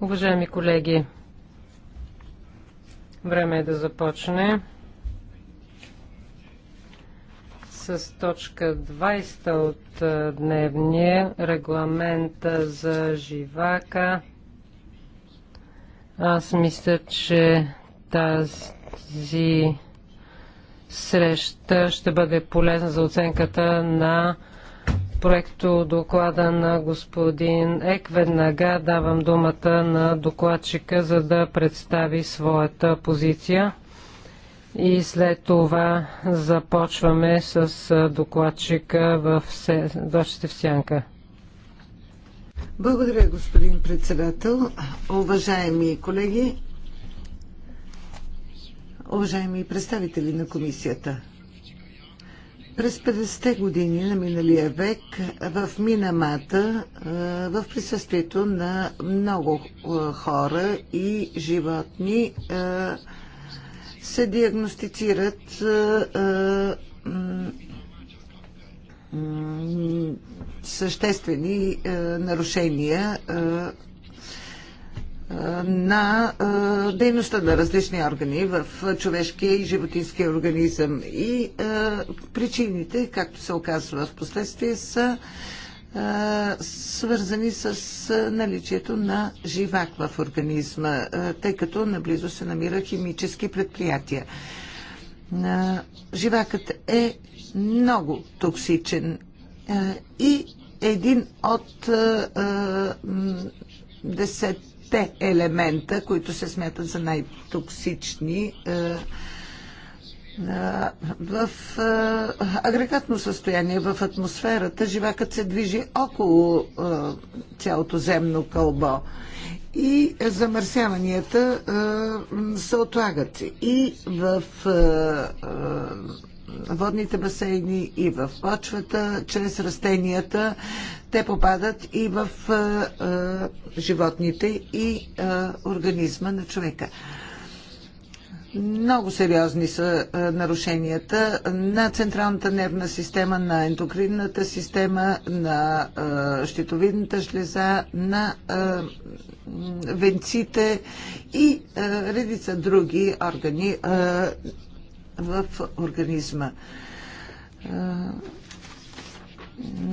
Уважаеми колеги, време е да започне с точка 20 от дневния регламента за живака. Аз мисля, че тази среща ще бъде полезна за оценката на проекто доклада на господин Ек. Веднага давам думата на докладчика, за да представи своята позиция. И след това започваме с докладчика в Дочите в сянка. Благодаря, господин председател. Уважаеми колеги, уважаеми представители на комисията. През 50-те години на миналия век в Минамата, в присъствието на много хора и животни, се диагностицират съществени нарушения на дейността на различни органи в човешкия и животинския организъм. И причините, както се оказва в последствие, са свързани с наличието на живак в организма, тъй като наблизо се намира химически предприятия. Живакът е много токсичен и един от десет петте елемента, които се смятат за най-токсични е, е, в е, агрегатно състояние, в атмосферата, живакът се движи около цялото земно кълбо и замърсяванията се отлагат. И в водните басейни, и в почвата, чрез растенията. Те попадат и в животните и организма на човека. Много сериозни са нарушенията на централната нервна система, на ендокринната система, на щитовидната жлеза, на венците и редица други органи в организма.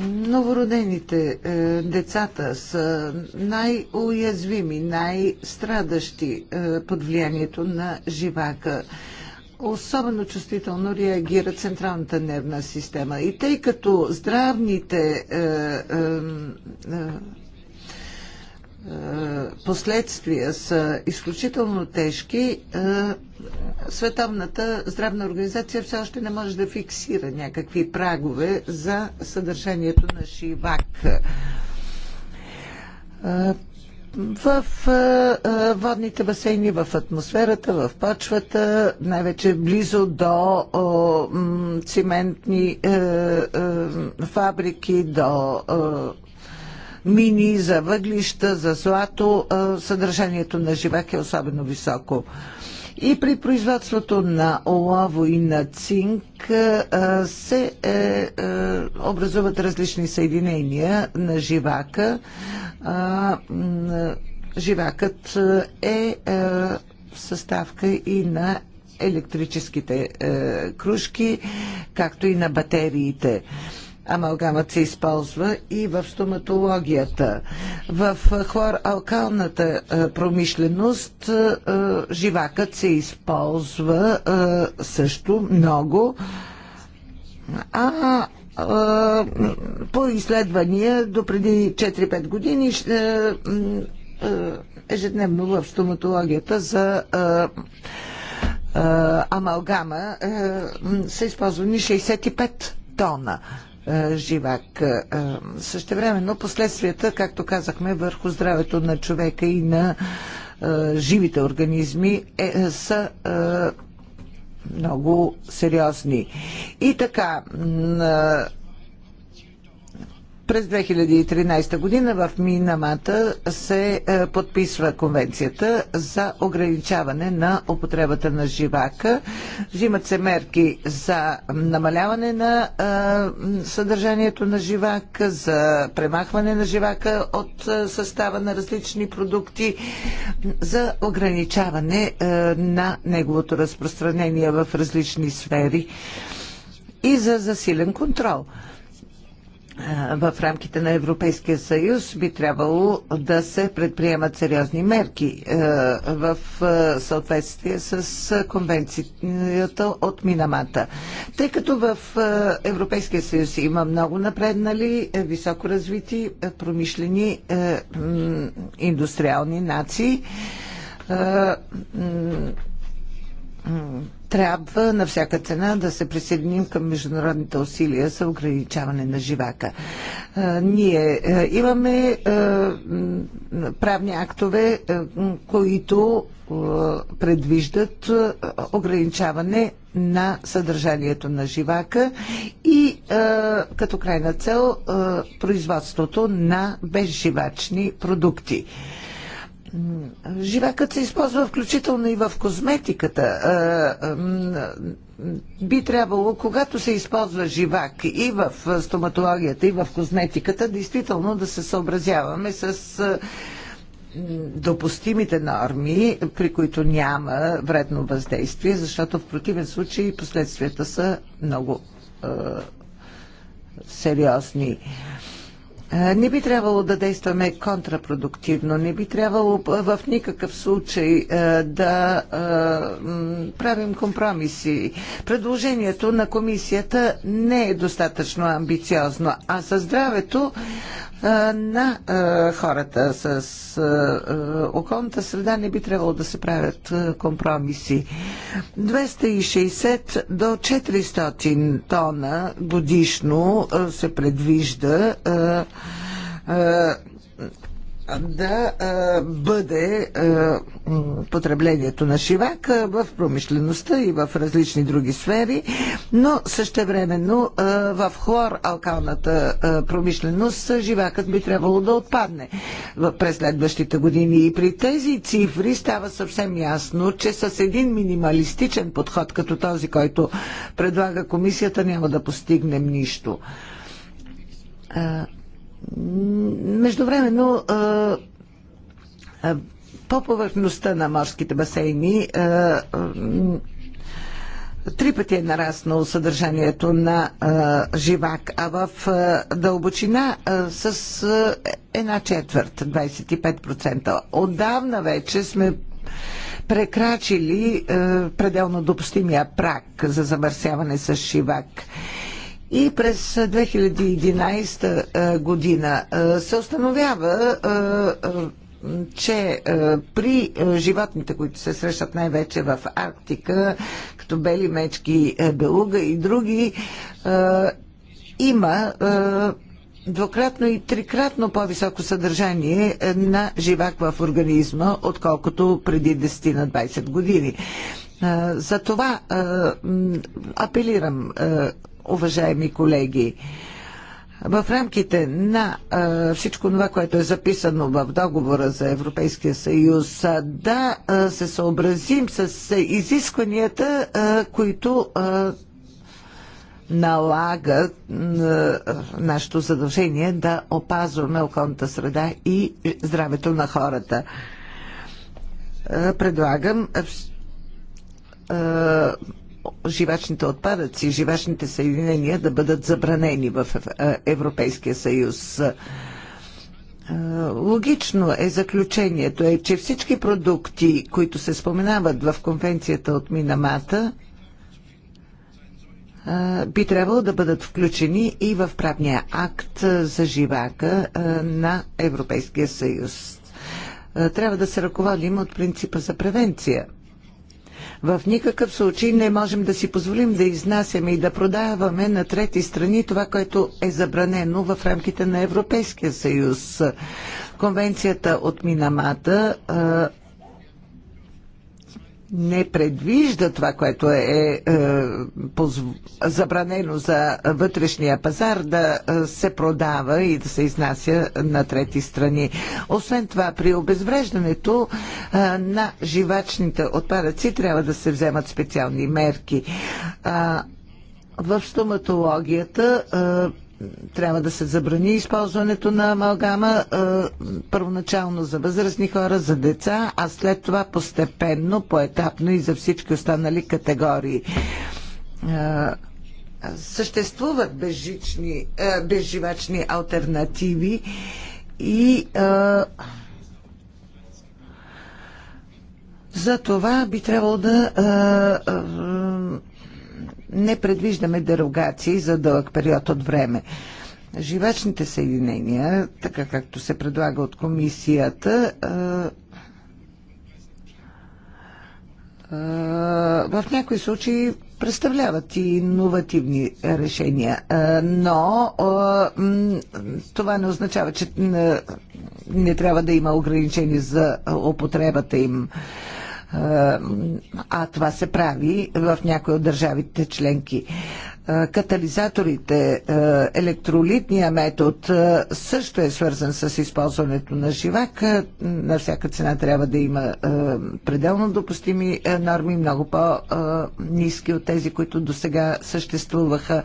Новородените е, децата са най-уязвими, най-страдащи е, под влиянието на живака. Особено чувствително реагира централната нервна система. И тъй като здравните е, е, последствия са изключително тежки, е, Световната здравна организация все още не може да фиксира някакви прагове за съдържанието на шивак. Е, в водните басейни, в атмосферата, в почвата, най-вече близо до циментни фабрики, до мини, за въглища, за злато, съдържанието на живак е особено високо. И при производството на олово и на цинк се е, е, образуват различни съединения на живака. Живакът е, е съставка и на електрическите е, кружки, както и на батериите амалгамът се използва и в стоматологията. В хлоралкалната промишленост живакът се използва също много. А по изследвания до преди 4-5 години ежедневно в стоматологията за амалгама са използвани 65 тона. Е, живак. Е, е, но последствията, както казахме, върху здравето на човека и на живите организми е, са е, много сериозни. И така, през 2013 година в Минамата се е, подписва конвенцията за ограничаване на употребата на живака. Взимат се мерки за намаляване на е, съдържанието на живак, за премахване на живака от е, състава на различни продукти, за ограничаване на неговото разпространение в различни сфери и за засилен контрол в рамките на Европейския съюз би трябвало да се предприемат сериозни мерки в съответствие с конвенцията от Минамата. Тъй като в Европейския съюз има много напреднали, е, високо развити е, промишлени е, индустриални нации, трябва на всяка цена да се присъединим към международните усилия за ограничаване на живака. Ние имаме правни актове, които предвиждат ограничаване на съдържанието на живака и като крайна цел производството на безживачни продукти. Живакът се използва включително и в козметиката. Би трябвало, когато се използва живак и в стоматологията, и в козметиката, действително да се съобразяваме с допустимите норми, при които няма вредно въздействие, защото в противен случай последствията са много сериозни. Е, не би трябвало да действаме контрапродуктивно, не би трябвало в никакъв случай е, да е, правим компромиси. Предложението на комисията не е достатъчно амбициозно, а за здравето на хората с околната среда не би трябвало да се правят компромиси. 260 до 400 тона годишно се предвижда да бъде потреблението на шивак в промишлеността и в различни други сфери, но същевременно в алкалната промишленост живакът би трябвало да отпадне през следващите години. И при тези цифри става съвсем ясно, че с един минималистичен подход, като този, който предлага комисията, няма да постигнем нищо Междувременно по повърхността на морските басейни три пъти е нараснало съдържанието на живак, а в дълбочина с една четвърт, 25%. Отдавна вече сме прекрачили пределно допустимия прак за замърсяване с живак. И през 2011 година се установява, че при животните, които се срещат най-вече в Арктика, като бели мечки, белуга и други, има двукратно и трикратно по-високо съдържание на живак в организма, отколкото преди 10 на 20 години. За това апелирам уважаеми колеги. В рамките на а, всичко това, което е записано в договора за Европейския съюз, да а, се съобразим с изискванията, а, които а, налага нашето задължение да опазваме околната среда и здравето на хората. Предлагам живачните отпадъци, живачните съединения да бъдат забранени в е, Европейския съюз. Е, логично е заключението е, че всички продукти, които се споменават в конвенцията от Минамата, е, би трябвало да бъдат включени и в правния акт за живака на Европейския съюз. Трябва да се ръководим от принципа за превенция. В никакъв случай не можем да си позволим да изнасяме и да продаваме на трети страни това, което е забранено в рамките на Европейския съюз. Конвенцията от Минамата не предвижда това, което е, е, е забранено за вътрешния пазар да е, се продава и да се изнася на трети страни. Освен това, при обезвреждането е, на живачните отпадъци трябва да се вземат специални мерки. Е, в стоматологията е, трябва да се забрани използването на амалгама първоначално за възрастни хора, за деца, а след това постепенно, поетапно и за всички останали категории. съществуват безжични, безживачни альтернативи и за това би трябвало да не предвиждаме дерогации за дълъг период от време. Живачните съединения, така както се предлага от комисията, в някои случаи представляват и иновативни решения, но това не означава, че не трябва да има ограничения за употребата им а това се прави в някои от държавите членки. Катализаторите, електролитния метод също е свързан с използването на живак. На всяка цена трябва да има пределно допустими норми, много по-низки от тези, които до сега съществуваха.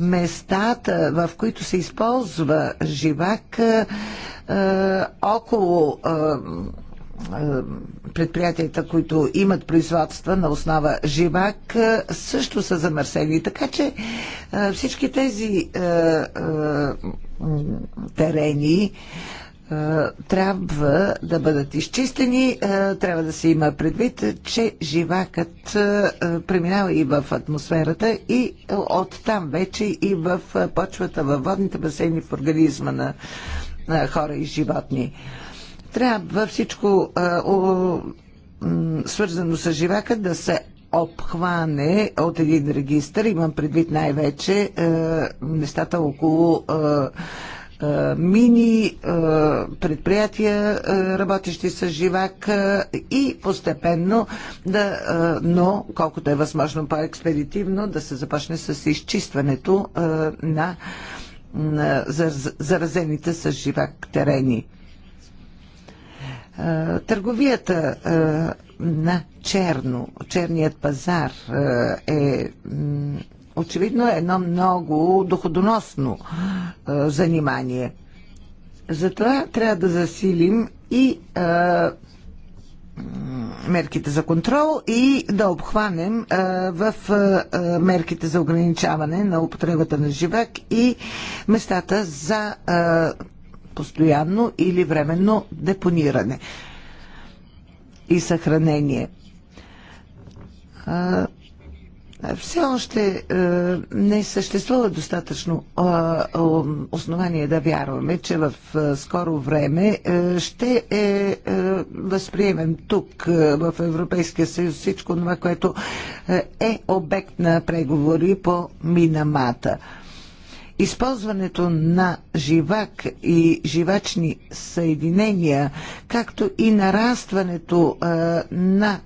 Местата, в които се използва живак, около предприятията, които имат производства на основа живак, също са замърсени. Така че всички тези терени трябва да бъдат изчистени. Трябва да се има предвид, че живакът преминава и в атмосферата и оттам вече и в почвата, във водните басейни, в организма на хора и животни трябва всичко свързано с живака да се обхване от един регистр. Имам предвид най-вече нещата около мини предприятия, работещи с живак и постепенно да, но колкото е възможно по-експедитивно да се започне с изчистването на заразените с живак терени. Търговията на черно, черният пазар е очевидно е едно много доходоносно занимание. Затова трябва да засилим и мерките за контрол и да обхванем в мерките за ограничаване на употребата на живак и местата за постоянно или временно депониране и съхранение. Все още не съществува достатъчно основание да вярваме, че в скоро време ще е, възприемем тук в Европейския съюз всичко това, което е обект на преговори по Минамата използването на живак и живачни съединения, както и нарастването на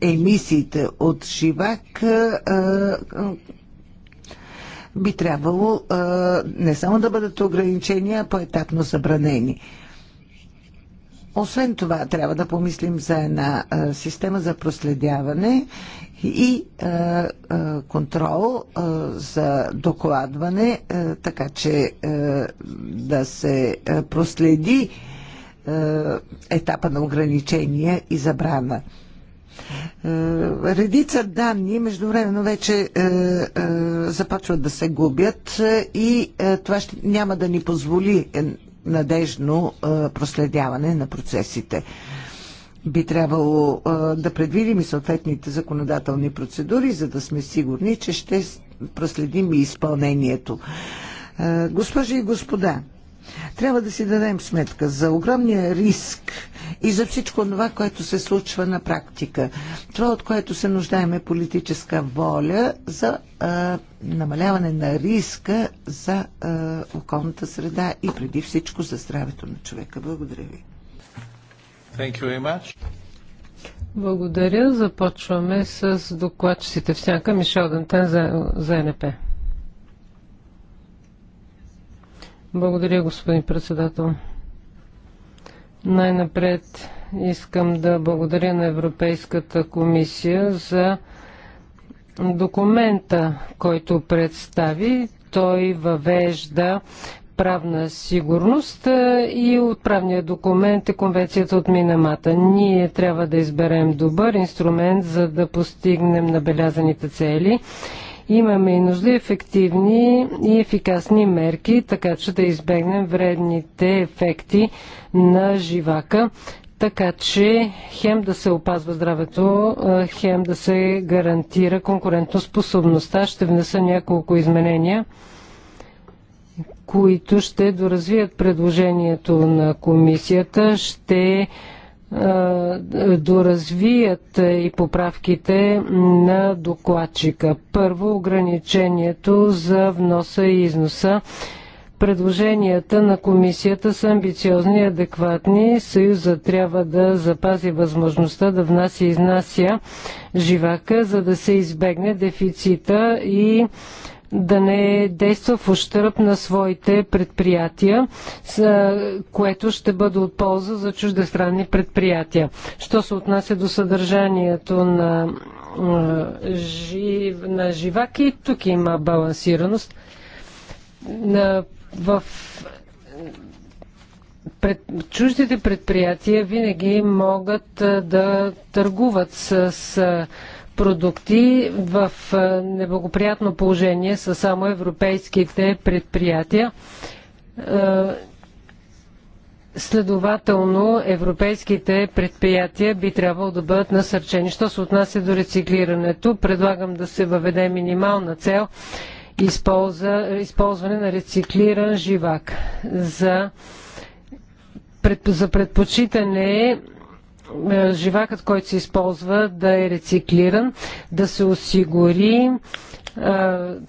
емисиите от живак, би трябвало не само да бъдат ограничени, а по-етапно забранени. Освен това, трябва да помислим за една система за проследяване и а, е, а, е, контрол а, е, за докладване, а, така че а, да се проследи а, етапа на ограничения и забрана. Редица данни междувременно вече е, е, започват да се губят и е, това ще, няма да ни позволи надежно е, проследяване на процесите. Е, би трябвало да предвидим и съответните законодателни процедури, за да сме сигурни, че ще проследим и изпълнението. Госпожи и господа, трябва да си дадем сметка за огромния риск и за всичко това, което се случва на практика. Това, от което се нуждаем е политическа воля за а, намаляване на риска за а, околната среда и преди всичко за здравето на човека. Благодаря ви. Thank you very much. Благодаря. Започваме с докладчиците в сянка. Мишел Дантен за, за НП. Благодаря, господин председател. Най-напред искам да благодаря на Европейската комисия за документа, който представи. Той въвежда правна сигурност и от правния документ е конвенцията от Минамата. Ние трябва да изберем добър инструмент, за да постигнем набелязаните цели. Имаме и нужда ефективни и ефикасни мерки, така че да избегнем вредните ефекти на живака, така че хем да се опазва здравето, хем да се гарантира конкурентоспособността. Ще внеса няколко изменения които ще доразвият предложението на комисията, ще доразвият и поправките на докладчика. Първо, ограничението за вноса и износа. Предложенията на комисията са амбициозни и адекватни. Съюза трябва да запази възможността да внася и изнася живака, за да се избегне дефицита и да не действа в ущърп на своите предприятия, което ще бъде от полза за чуждестранни предприятия. Що се отнася до съдържанието на, жив, на живаки, тук има балансираност. В пред, чуждите предприятия винаги могат да търгуват с, с продукти в неблагоприятно положение са само европейските предприятия. Следователно, европейските предприятия би трябвало да бъдат насърчени. Що се отнася до рециклирането, предлагам да се въведе минимална цел използва, използване на рециклиран живак за, пред, за предпочитане е, живакът, който се използва, да е рециклиран, да се осигури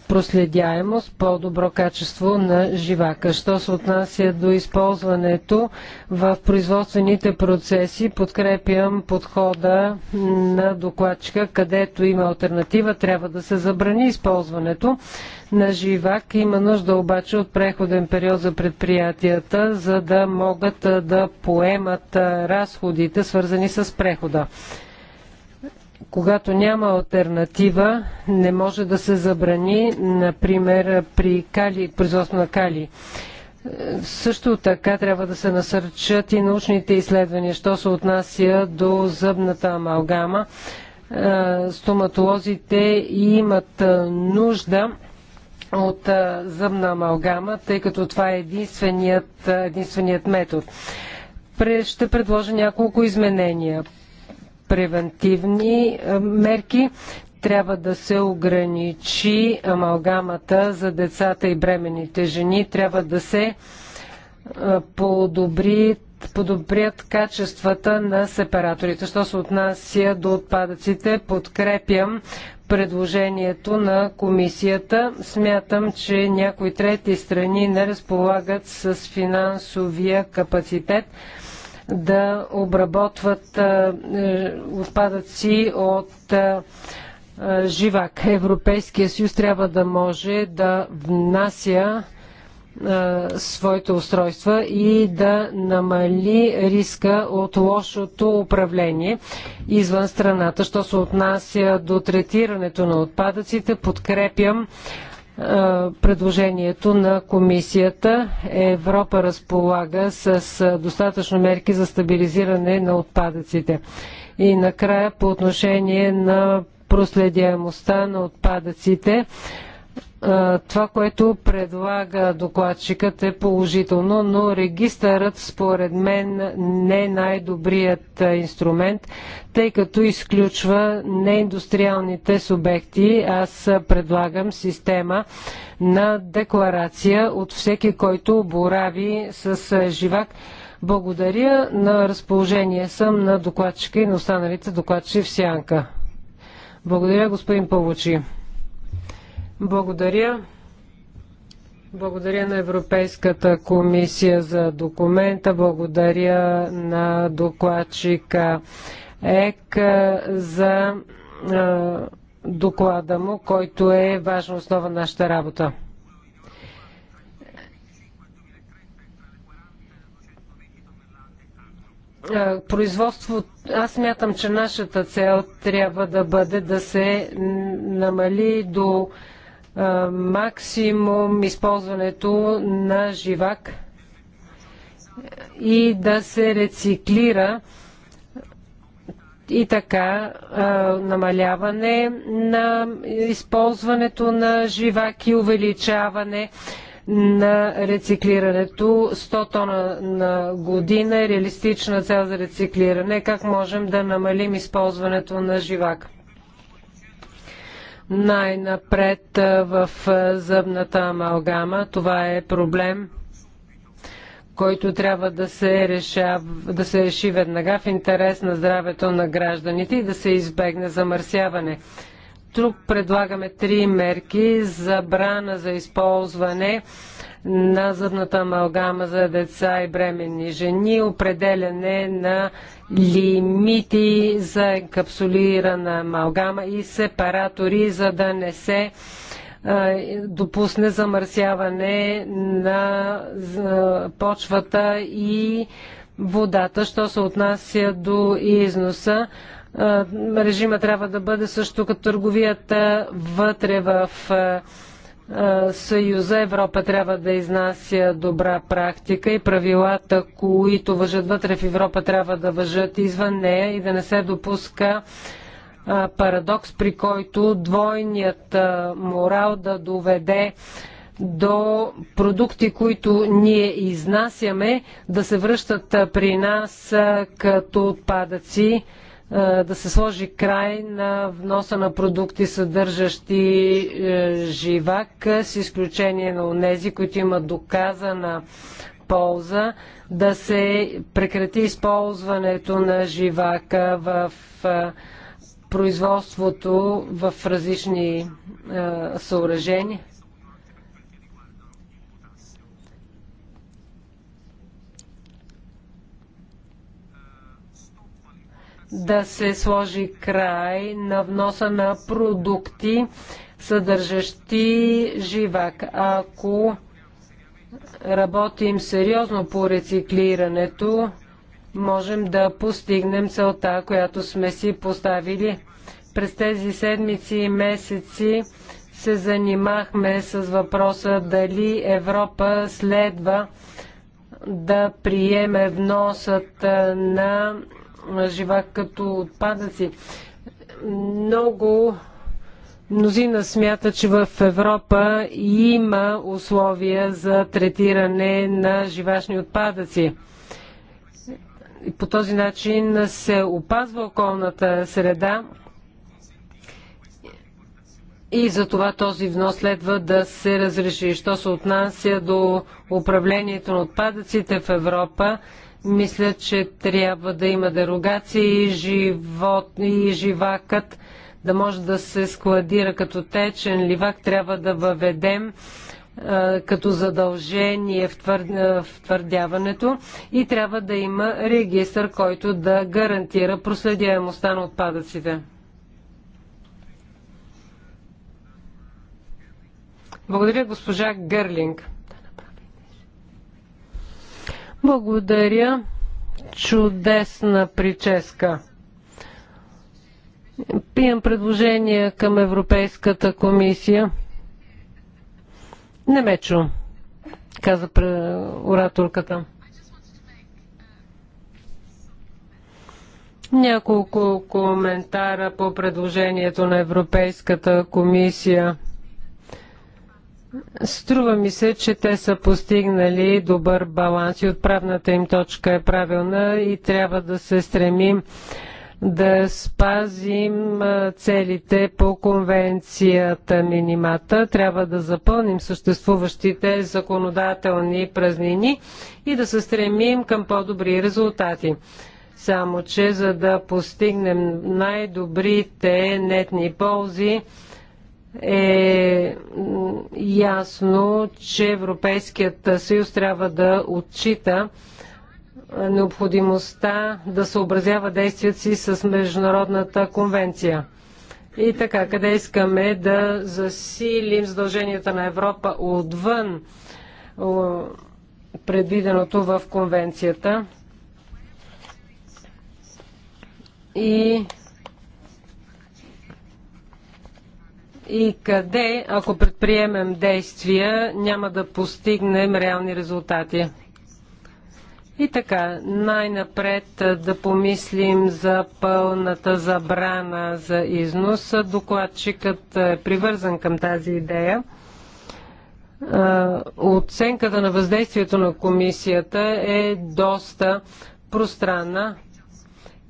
проследяемост, по-добро качество на живака. Що се отнася до използването в производствените процеси, подкрепям подхода на докладчика, където има альтернатива, трябва да се забрани използването на живак. Има нужда обаче от преходен период за предприятията, за да могат да поемат разходите, свързани с прехода когато няма альтернатива, не може да се забрани, например, при кали, производство на кали. Също така трябва да се насърчат и научните изследвания, що се отнася до зъбната амалгама. Стоматолозите имат нужда от зъбна амалгама, тъй като това е единственият, единственият метод. Ще предложа няколко изменения превентивни е, мерки. Трябва да се ограничи амалгамата за децата и бременните жени. Трябва да се е, подобри подобрят качествата на сепараторите. Що се отнася до отпадъците, подкрепям предложението на комисията. Смятам, че някои трети страни не разполагат с финансовия капацитет да обработват е, отпадъци от живак. Европейския съюз трябва да може да внася своите устройства и да намали риска от лошото управление извън страната. Що се отнася до третирането на отпадъците, подкрепям е, предложението на комисията. Европа разполага с е, достатъчно мерки за стабилизиране на отпадъците. И накрая по отношение на проследяемостта на отпадъците. Е, това, което предлага докладчикът е положително, но регистърът според мен не е най-добрият е, инструмент, тъй като изключва неиндустриалните субекти. Аз предлагам система на декларация от всеки, който борави с е, живак. Благодаря. На разположение съм на докладчика и на останалите докладчи в Сянка. Благодаря, господин Павлочи. Благодаря. Благодаря на Европейската комисия за документа. Благодаря на докладчика ЕК за доклада му, който е важна основа на нашата работа. производство, аз мятам, че нашата цел трябва да бъде да се намали до е, максимум използването на живак и да се рециклира и така а, е, намаляване на използването на живак и увеличаване на рециклирането. 100 тона на година е реалистична цел за рециклиране. Как можем да намалим използването на живак? Най-напред в зъбната амалгама. Това е проблем, който трябва да се, реша, да се реши веднага в интерес на здравето на гражданите и да се избегне замърсяване. Тук предлагаме три мерки. Забрана за използване на зъбната амалгама за деца и бременни жени, определяне на лимити за капсулирана амалгама и сепаратори, за да не се допусне замърсяване на почвата и водата, що се отнася до износа. Режима трябва да бъде също като търговията вътре в е, Съюза Европа трябва да изнася добра практика и правилата, които въжат вътре в Европа, трябва да въжат извън нея и да не се допуска е, парадокс, при който двойният е, морал да доведе до продукти, които ние изнасяме, да се връщат при нас като отпадъци. Е, да се сложи край на вноса на продукти, съдържащи е, живак, с изключение на онези, които имат доказана полза, да се прекрати използването на живака в е, производството в различни съоръжения. да се сложи край на вноса на продукти, съдържащи живак. Ако работим сериозно по рециклирането, можем да постигнем целта, която сме си поставили. През тези седмици и месеци се занимахме с въпроса дали Европа следва да приеме вносът на жива като отпадъци. Много мнозина смята, че в Европа има условия за третиране на живашни отпадъци. По този начин се опазва околната среда и за това този внос следва да се разреши. Що се отнася до управлението на отпадъците в Европа, мисля, че трябва да има дерогации и живот и живакът да може да се складира като течен ливак, трябва да въведем а, като задължение в, твър... в твърдяването и трябва да има регистр, който да гарантира проследяемостта на отпадъците. Благодаря, госпожа Гърлинг. Благодаря. Чудесна прическа. Пием предложение към Европейската комисия. Не ме чу, каза ораторката. Няколко коментара по предложението на Европейската комисия. Струва ми се, че те са постигнали добър баланс и отправната им точка е правилна и трябва да се стремим да спазим целите по конвенцията минимата. Трябва да запълним съществуващите законодателни празнини и да се стремим към по-добри резултати. Само, че за да постигнем най-добрите нетни ползи, е ясно, че Европейският съюз трябва да отчита необходимостта да съобразява действията си с Международната конвенция. И така, къде искаме да засилим задълженията на Европа отвън предвиденото в конвенцията? И и къде, ако предприемем действия, няма да постигнем реални резултати. И така, най-напред да помислим за пълната забрана за износ. Докладчикът е привързан към тази идея. Оценката на въздействието на комисията е доста пространна.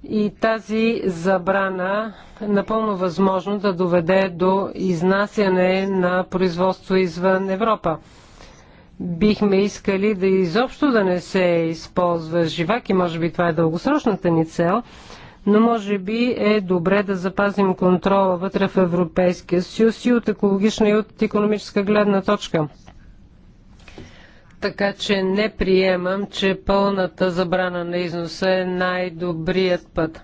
И тази забрана е напълно възможно да доведе до изнасяне на производство извън Европа. Бихме искали да изобщо да не се използва живак и може би това е дългосрочната ни цел, но може би е добре да запазим контрола вътре в Европейския съюз и от екологична и от економическа гледна точка така че не приемам, че пълната забрана на износа е най-добрият път.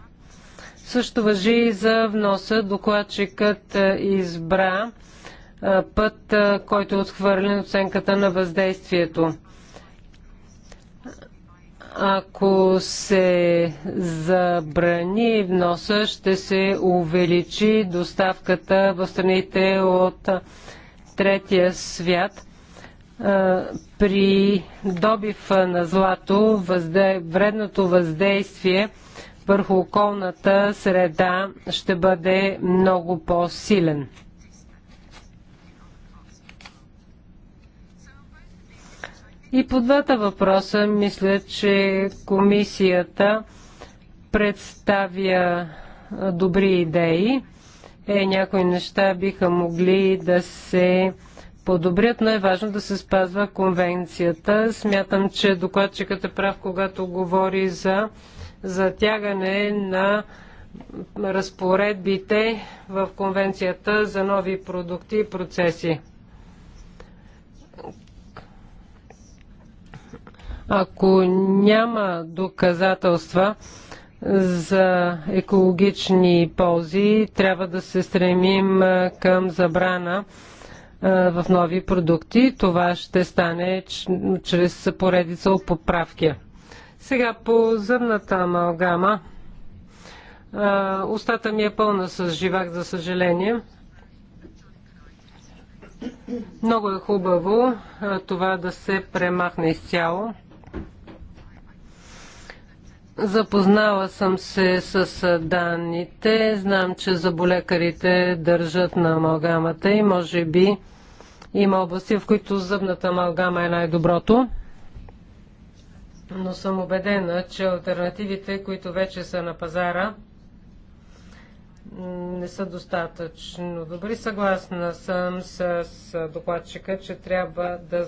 Също въжи и за вноса. Докладчикът е, избра е, път, е, който е отхвърлен оценката на въздействието. Ако се забрани вноса, ще се увеличи доставката в страните от третия свят – при добив на злато възде... вредното въздействие върху околната среда ще бъде много по-силен. И по двата въпроса мисля, че комисията представя добри идеи. Е, някои неща биха могли да се подобрят, но е важно да се спазва конвенцията. Смятам, че докладчикът е прав, когато говори за затягане на разпоредбите в конвенцията за нови продукти и процеси. Ако няма доказателства за екологични ползи, трябва да се стремим към забрана в нови продукти. Това ще стане чрез поредица от поправки. Сега по зъбната амалгама. Остата ми е пълна с живак, за съжаление. Много е хубаво това да се премахне изцяло. Запознала съм се с данните. Знам, че заболекарите държат на амалгамата и може би има области, в които зъбната амалгама е най-доброто. Но съм убедена, че альтернативите, които вече са на пазара, не са достатъчно добри. Съгласна съм с докладчика, че трябва да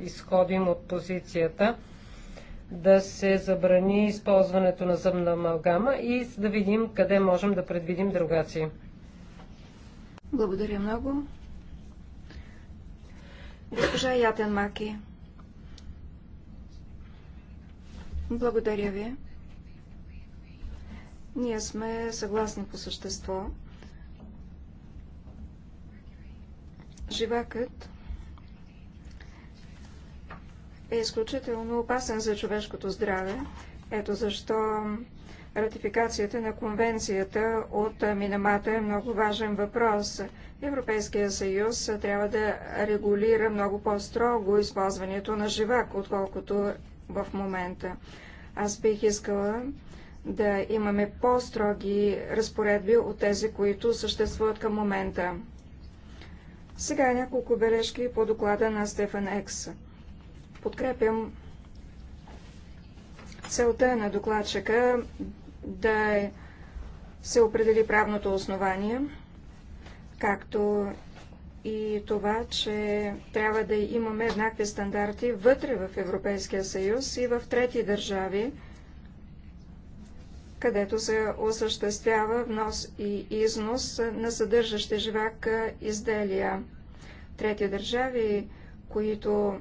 изходим от позицията – да се забрани използването на зъбна амалгама и да видим къде можем да предвидим дерогации. Благодаря много. Госпожа Ятен Маки. Благодаря ви. Ние сме съгласни по същество. Живакът е изключително опасен за човешкото здраве. Ето защо ратификацията на конвенцията от Минамата е много важен въпрос. Европейския съюз трябва да регулира много по-строго използването на живак, отколкото в момента. Аз бих искала да имаме по-строги разпоредби от тези, които съществуват към момента. Сега няколко бележки по доклада на Стефан Екс. Подкрепям целта на докладчика да е- се определи правното основание, както и това, че трябва да имаме еднакви стандарти вътре в Европейския съюз и в трети държави, където се осъществява внос и износ на съдържащи живак изделия. Трети държави, които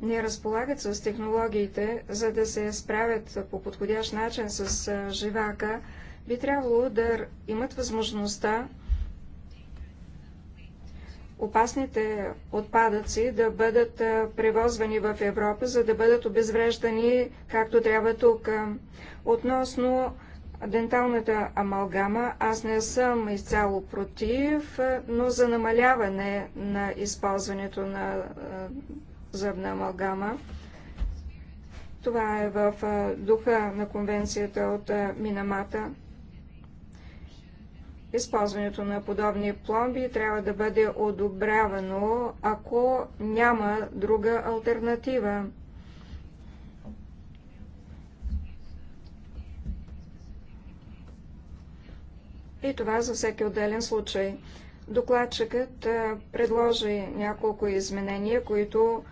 не разполагат с технологиите, за да се справят по подходящ начин с живака, би трябвало да имат възможността опасните отпадъци да бъдат превозвани в Европа, за да бъдат обезвреждани както трябва тук. Относно денталната амалгама, аз не съм изцяло против, но за намаляване на използването на зъбна амалгама. Това е в духа на конвенцията от Минамата. Използването на подобни пломби трябва да бъде одобрявано, ако няма друга альтернатива. И това за всеки отделен случай. Докладчикът предложи няколко изменения, които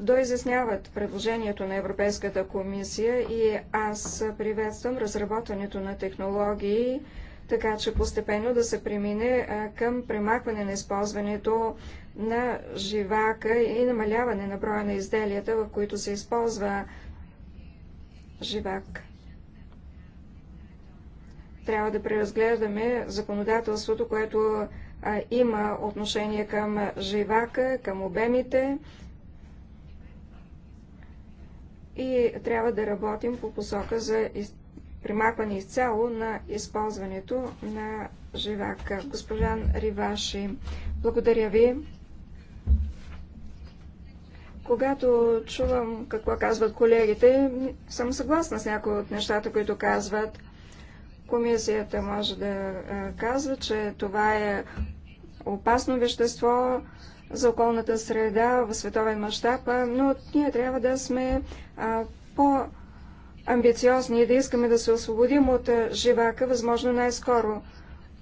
доизясняват предложението на Европейската комисия и аз приветствам разработването на технологии, така че постепенно да се премине към премахване на използването на живака и намаляване на броя на изделията, в които се използва живак. Трябва да преразгледаме законодателството, което има отношение към живака, към обемите и трябва да работим по посока за из... примахване изцяло на използването на живака. Госпожа Риваши, благодаря ви. Когато чувам какво казват колегите, съм съгласна с някои от нещата, които казват. Комисията може да казва, че това е опасно вещество, за околната среда в световен мащаб, но ние трябва да сме по-амбициозни и да искаме да се освободим от живака, възможно най-скоро.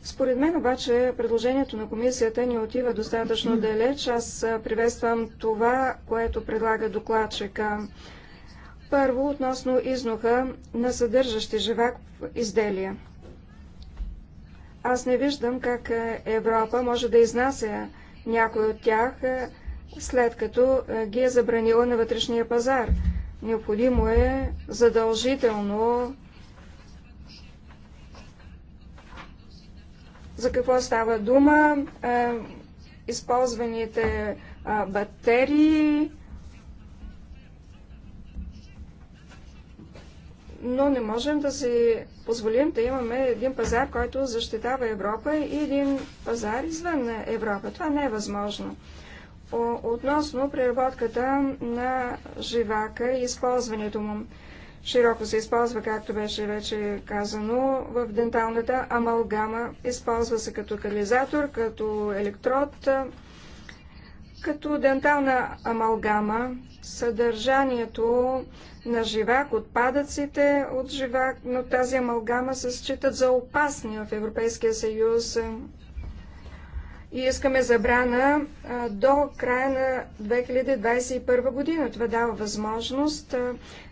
Според мен обаче предложението на комисията ни отива достатъчно далеч. Аз приветствам това, което предлага докладчика. Първо, относно изнуха на съдържащи живак изделия. Аз не виждам как Европа може да изнася някои от тях, е, след като е, ги е забранила на вътрешния пазар. Необходимо е задължително за какво става дума, е, използваните батерии, но не можем да си позволим да имаме един пазар, който защитава Европа и един пазар извън Европа. Това не е възможно. Относно преработката на живака и използването му. Широко се използва, както беше вече казано, в денталната амалгама. Използва се като катализатор, като електрод, като дентална амалгама съдържанието на живак, отпадъците от живак, но тази амалгама се считат за опасни в Европейския съюз. И искаме забрана до края на 2021 година. Това дава възможност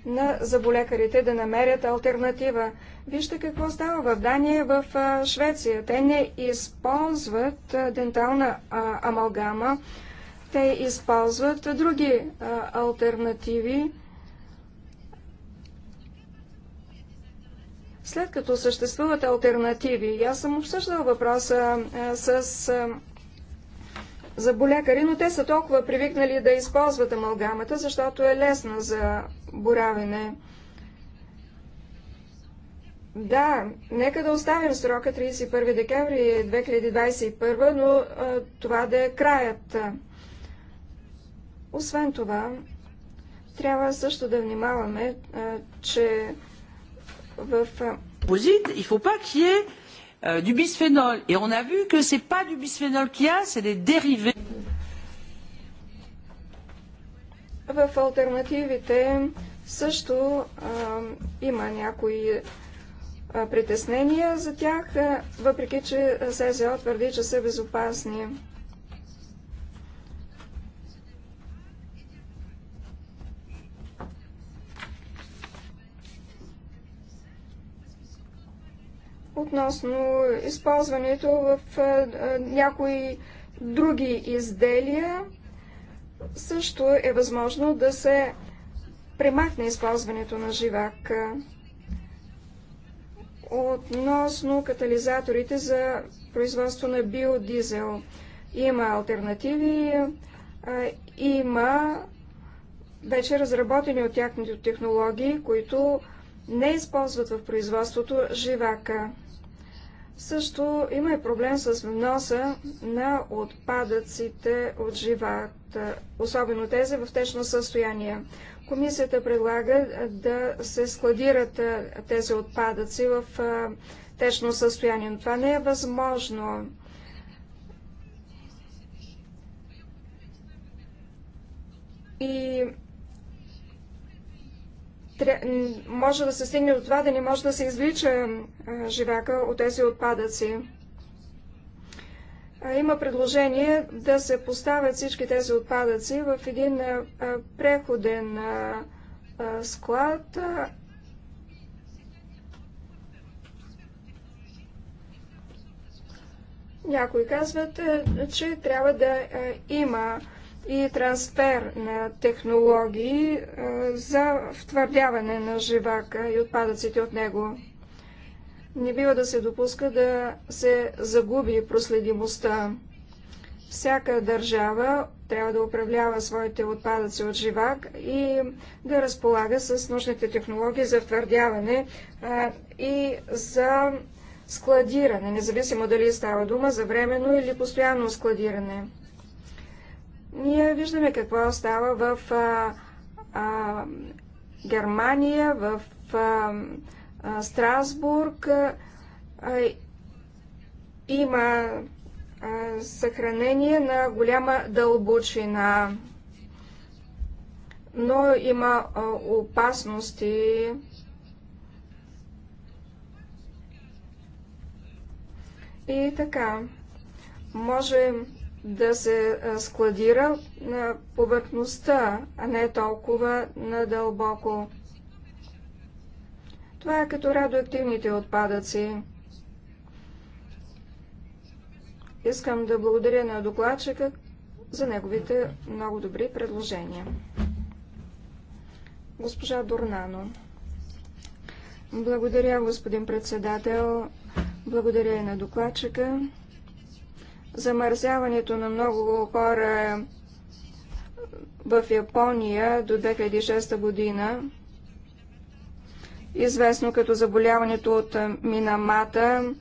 на заболекарите да намерят альтернатива. Вижте какво става в Дания в Швеция. Те не използват дентална амалгама, те използват други а, альтернативи. След като съществуват альтернативи, аз съм обсъждал въпроса а, с заболекари, но те са толкова привикнали да използват амалгамата, защото е лесна за боравене. Да, нека да оставим срока 31 декември 2021, но а, това да е краят. Освен това, трябва също да внимаваме, че в... Il faut pas qu'il y ait du bisphénol. Et on a vu que ce n'est pas du bisphénol qu'il y a, c'est des dérivés. В альтернативите също а, има някои а, притеснения за тях, а, въпреки че СЗО твърди, че са безопасни. относно използването в някои други изделия. Също е възможно да се премахне използването на живак. Относно катализаторите за производство на биодизел. Има альтернативи, има вече разработени от тяхните технологии, които не използват в производството живака. Също има и проблем с вноса на отпадъците от живата, особено тези в течно състояние. Комисията предлага да се складират тези отпадъци в течно състояние, но това не е възможно. И може да се стигне до това да не може да се извлича живака от тези отпадъци. Има предложение да се поставят всички тези отпадъци в един преходен склад, Някои казват, че трябва да има и трансфер на технологии за втвърдяване на живака и отпадъците от него. Не бива да се допуска да се загуби проследимостта. Всяка държава трябва да управлява своите отпадъци от живак и да разполага с нужните технологии за втвърдяване и за складиране, независимо дали става дума за временно или постоянно складиране. Ние виждаме какво става в а, а, Германия, в а, а, Страсбург. А, а, има а, съхранение на голяма дълбочина, но има а, опасности. И така, можем да се складира на повърхността, а не толкова надълбоко. Това е като радиоактивните отпадъци. Искам да благодаря на докладчика за неговите много добри предложения. Госпожа Дорнано. Благодаря, господин председател. Благодаря и на докладчика. Замърсяването на много хора в Япония до 2006 година, известно като заболяването от Минамата,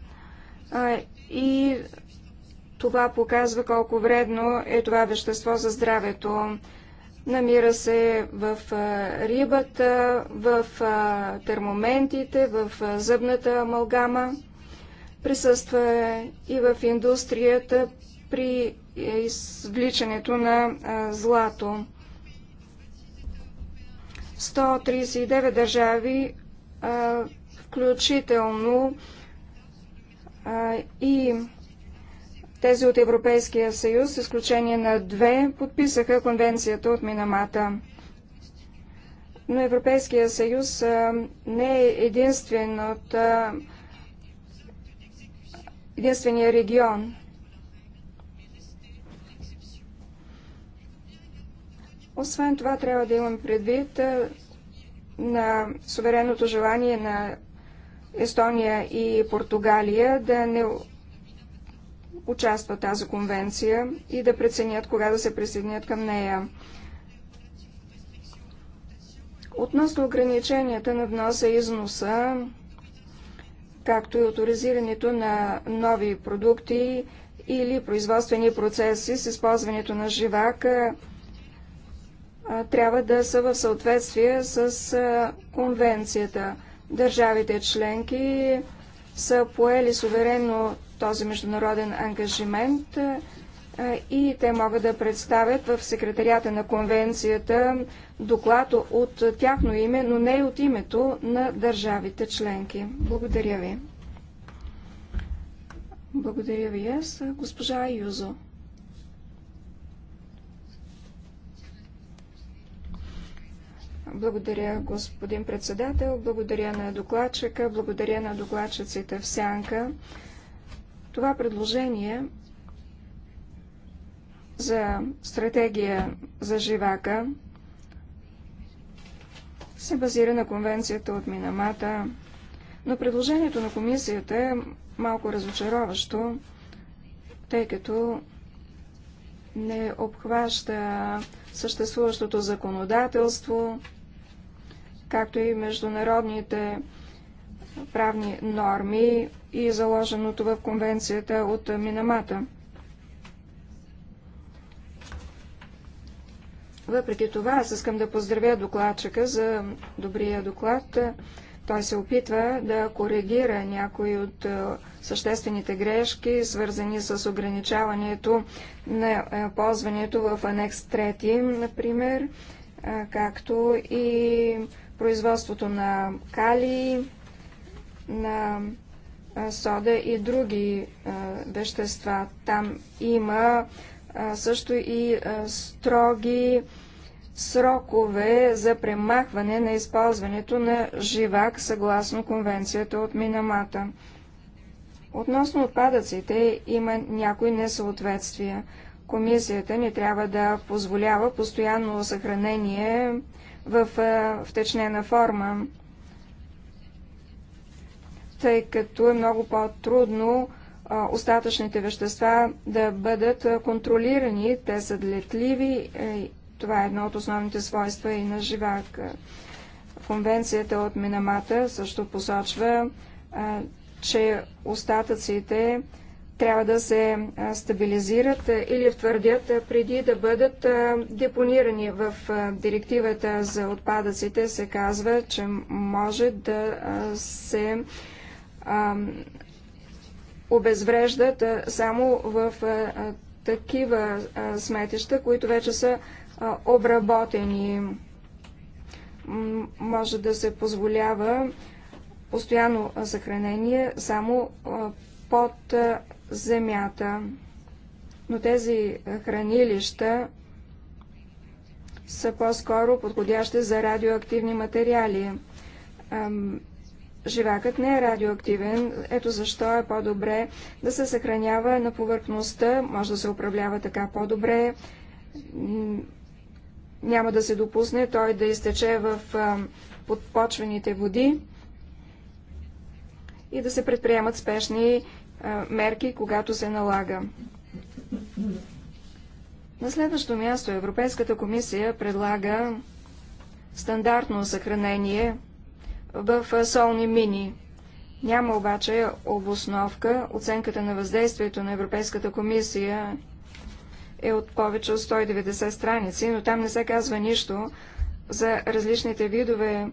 и това показва колко вредно е това вещество за здравето. Намира се в рибата, в термоментите, в зъбната амалгама. Присъства и в индустрията при извличането на злато. 139 държави, включително и тези от Европейския съюз, с изключение на две, подписаха конвенцията от Минамата. Но Европейския съюз не е единствената единствения регион. Освен това, трябва да имам предвид на суверенното желание на Естония и Португалия да не участват тази конвенция и да преценят кога да се присъединят към нея. Относно ограниченията на вноса и износа, както и авторизирането на нови продукти или производствени процеси с използването на живак трябва да са в съответствие с конвенцията. Държавите членки са поели суверенно този международен ангажимент и те могат да представят в секретарията на конвенцията доклад от тяхно име, но не и от името на държавите членки. Благодаря ви. Благодаря ви аз, госпожа Юзо. Благодаря, господин председател, благодаря на докладчика, благодаря на докладчиците в сянка. Това предложение за стратегия за живака се базира на конвенцията от Минамата, но предложението на комисията е малко разочароващо, тъй като не обхваща съществуващото законодателство, както и международните правни норми и заложеното в конвенцията от Минамата. Въпреки това, аз искам да поздравя докладчика за добрия доклад. Той се опитва да коригира някои от е, съществените грешки, свързани с ограничаването на е, ползването в анекс 3, например, е, както и производството на кали, на сода и други вещества. Там има също и строги срокове за премахване на използването на живак съгласно конвенцията от Минамата. Относно отпадъците има някои несъответствия. Комисията не трябва да позволява постоянно съхранение в втечнена форма, тъй като е много по-трудно остатъчните вещества да бъдат контролирани. Те са длетливи. Е, това е едно от основните свойства и на живак. Конвенцията от Минамата също посочва, че остатъците трябва да се стабилизират или втвърдят преди да бъдат депонирани. В директивата за отпадъците се казва, че може да се обезвреждат само в такива сметища, които вече са обработени. Може да се позволява постоянно съхранение само под земята. Но тези хранилища са по-скоро подходящи за радиоактивни материали живакът не е радиоактивен, ето защо е по-добре да се съхранява на повърхността, може да се управлява така по-добре, няма да се допусне той да изтече в подпочвените води и да се предприемат спешни мерки, когато се налага. На следващо място Европейската комисия предлага стандартно съхранение в солни мини. Няма обаче обосновка. Оценката на въздействието на Европейската комисия е от повече от 190 страници, но там не се казва нищо за различните видове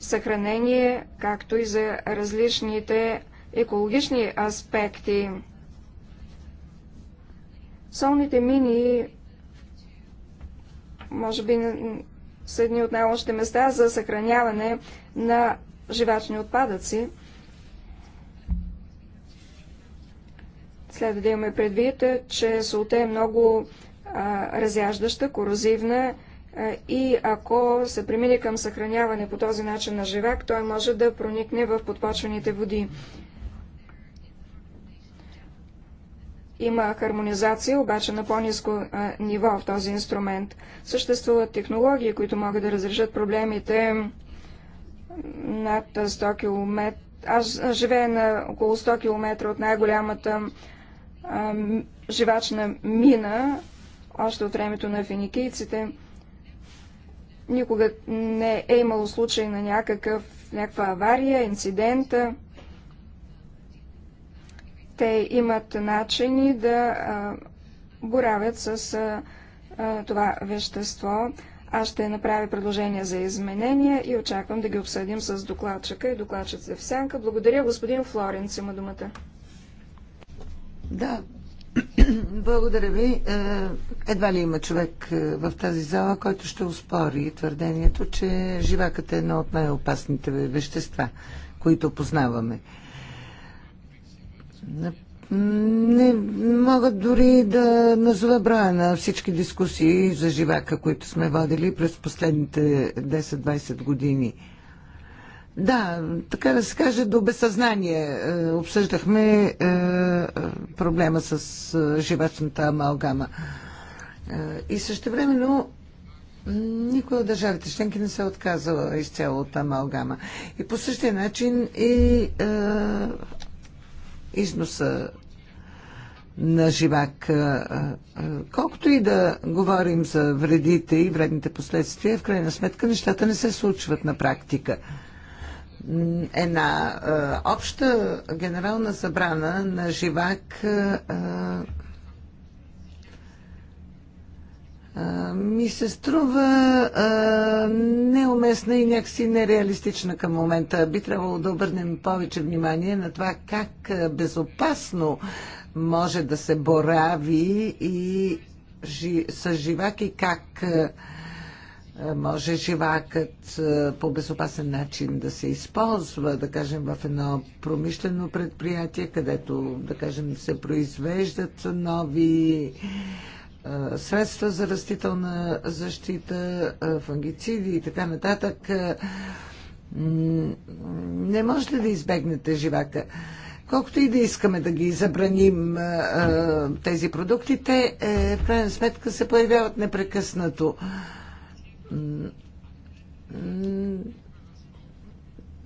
съхранение, както и за различните екологични аспекти. Солните мини може би са едни от най-лошите места за съхраняване на живачни отпадъци. Следва да имаме предвид, че солта е много а, разяждаща, корозивна а, и ако се премине към съхраняване по този начин на живак, той може да проникне в подпочвените води. Има хармонизация, обаче на по-низко ниво в този инструмент. Съществуват технологии, които могат да разрешат проблемите над 100 км. Аз живея на около 100 км от най-голямата живачна мина, още от времето на финикийците. Никога не е имало случай на някакъв, някаква авария, инцидента. Те имат начини да боравят с това вещество. Аз ще направя предложения за изменения и очаквам да ги обсъдим с докладчика и докладчица в сянка. Благодаря, господин Флоренц, има думата. Да, благодаря ви. Е, едва ли има човек е, в тази зала, който ще успори твърдението, че живакът е едно от най-опасните вещества, които познаваме. Не мога дори да назова броя на всички дискусии за живака, които сме водили през последните 10-20 години. Да, така да се каже, до безсъзнание е, обсъждахме е, е, проблема с живачната амалгама. И също времено никой от държавите членки не се отказала изцяло от амалгама. И по същия начин и е, износа на живак. Колкото и да говорим за вредите и вредните последствия, в крайна сметка нещата не се случват на практика. Една обща генерална забрана на живак ми се струва а, неуместна и някакси нереалистична към момента. Би трябвало да обърнем повече внимание на това как безопасно може да се борави и жи, с живак и как може живакът по безопасен начин да се използва, да кажем, в едно промишлено предприятие, където, да кажем, се произвеждат нови средства за растителна защита, фунгициди и така нататък. Не може ли да избегнете живака. Колкото и да искаме да ги забраним тези продукти, те е, в крайна сметка се появяват непрекъснато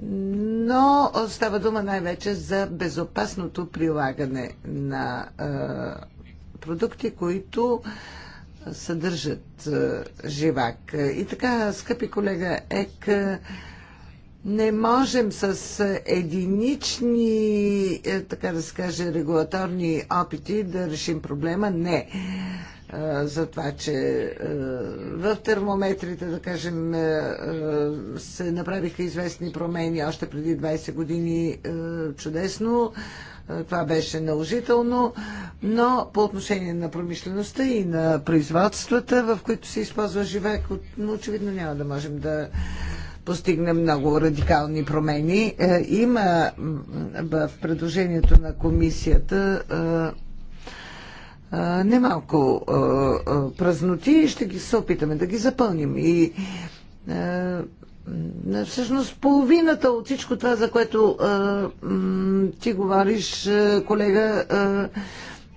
но става дума най-вече за безопасното прилагане на продукти, които съдържат е, живак. И така, скъпи колега Ек, е, не можем с единични, е, така да се каже, регулаторни опити да решим проблема. Не. За това, че в термометрите, да кажем, се направиха известни промени още преди 20 години чудесно. Това беше наложително, но по отношение на промишлеността и на производствата, в които се използва живек, очевидно няма да можем да постигне много радикални промени. Е, има в предложението на комисията е, е, немалко празноти и ще ги се опитаме да ги запълним. И Всъщност половината от всичко това, за което е, ти говориш, колега, а,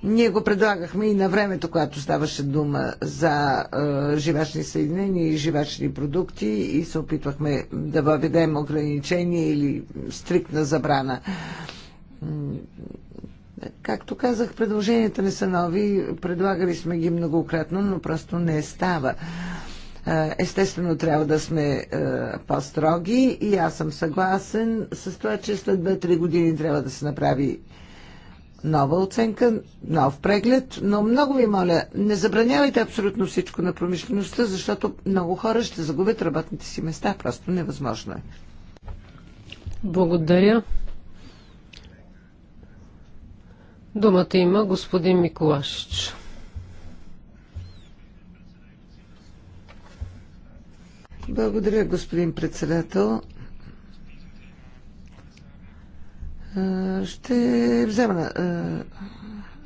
ние го предлагахме и на времето, когато ставаше дума за а, живачни съединения и живачни продукти и се опитвахме да въведем ограничения или стриктна забрана. Както казах, предложенията не са нови, предлагали сме ги многократно, но просто не става. Естествено, трябва да сме е, по-строги и аз съм съгласен с това, че след 2-3 години трябва да се направи нова оценка, нов преглед, но много ви моля, не забранявайте абсолютно всичко на промишлеността, защото много хора ще загубят работните си места. Просто невъзможно е. Благодаря. Думата има господин Миколашич. Благодаря, господин председател. Ще взема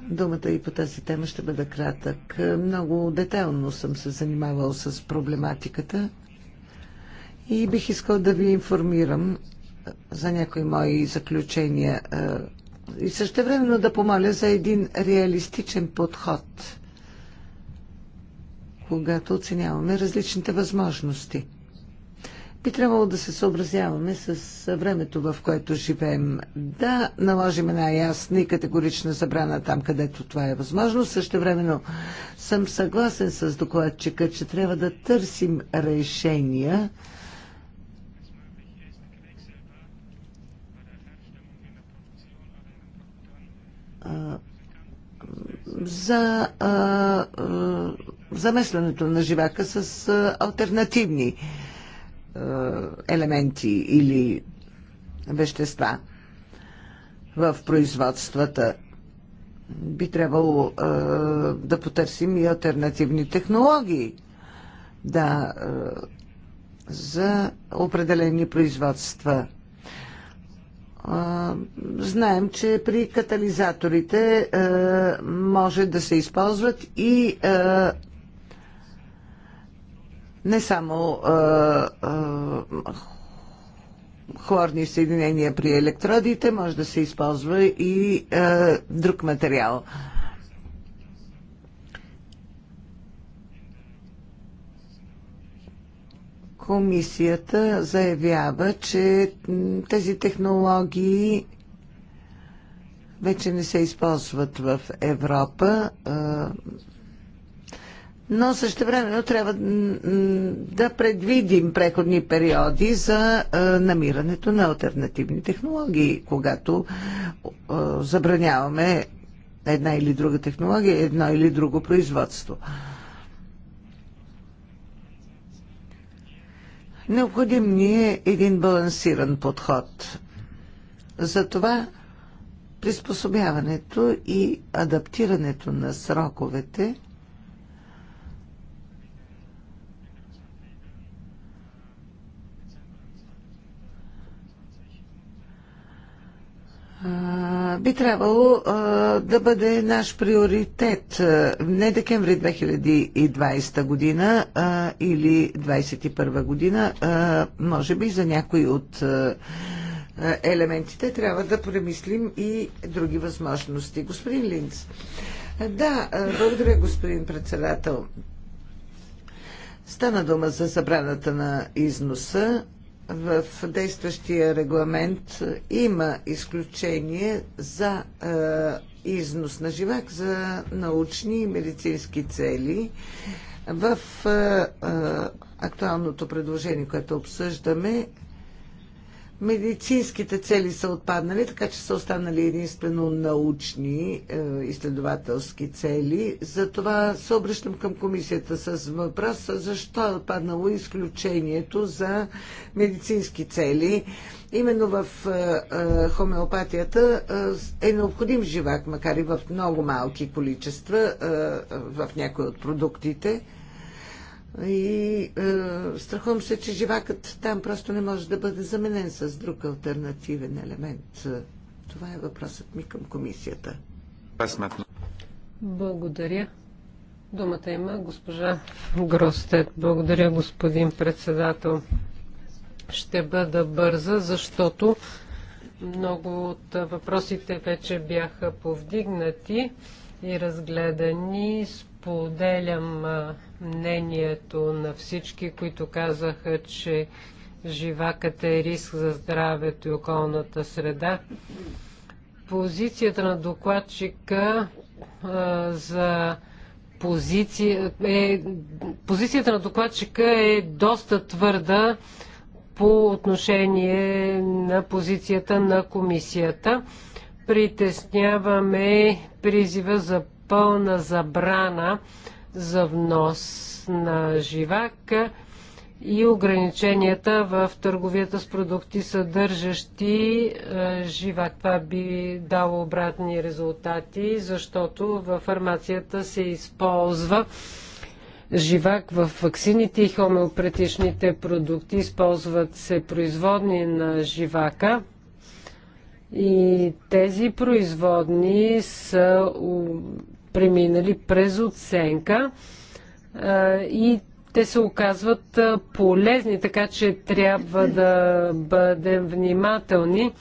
думата и по тази тема ще бъда кратък. Много детайлно съм се занимавал с проблематиката и бих искал да ви информирам за някои мои заключения и също времено да помоля за един реалистичен подход когато оценяваме различните възможности. Би трябвало да се съобразяваме с времето, в което живеем. Да наложим една ясна и категорична забрана там, където това е възможно. Също времено съм съгласен с докладчика, че трябва да търсим решения, за а, а, замесването на живака с альтернативни елементи или вещества в производствата. Би трябвало е, да потърсим и альтернативни технологии. Да, е, за определени производства. Е, знаем, че при катализаторите е, може да се използват и е, не само хлорни съединения при електродите, може да се използва и друг материал. Комисията заявява, че тези технологии вече не се използват в Европа но също времено трябва да предвидим преходни периоди за намирането на альтернативни технологии, когато забраняваме една или друга технология, едно или друго производство. Необходим ни е един балансиран подход. Затова приспособяването и адаптирането на сроковете – би трябвало да бъде наш приоритет не декември 2020 година или 2021 година. Може би за някои от елементите трябва да премислим и други възможности. Господин Линц. Да, благодаря, господин председател. Стана дума за забраната на износа в действащия регламент има изключение за е, износ на живак за научни и медицински цели. В е, е, актуалното предложение, което обсъждаме, медицинските цели са отпаднали, така че са останали единствено научни е, изследователски цели. Затова се обръщам към комисията с въпрос защо е отпаднало изключението за медицински цели. Именно в е, е хомеопатията е, е необходим живак, макар и в много малки количества, е, е в някои от продуктите. И е, страхувам се, че живакът там просто не може да бъде заменен с друг альтернативен елемент. Това е въпросът ми към комисията. Безметно. Благодаря. Думата има госпожа Гростет. Благодаря, господин председател. Ще бъда бърза, защото много от въпросите вече бяха повдигнати и разгледани. Споделям мнението на всички, които казаха, че живакът е риск за здравето и околната среда. Позицията на докладчика а, за позиция, е, позицията на докладчика е доста твърда по отношение на позицията на комисията. Притесняваме призива за пълна забрана за внос на живак и ограниченията в търговията с продукти, съдържащи е, живак. Това би дало обратни резултати, защото във фармацията се използва живак в ваксините и хомеопретичните продукти. Използват се производни на живака. И тези производни са преминали през оценка и те се оказват полезни, така че трябва да бъдем внимателни.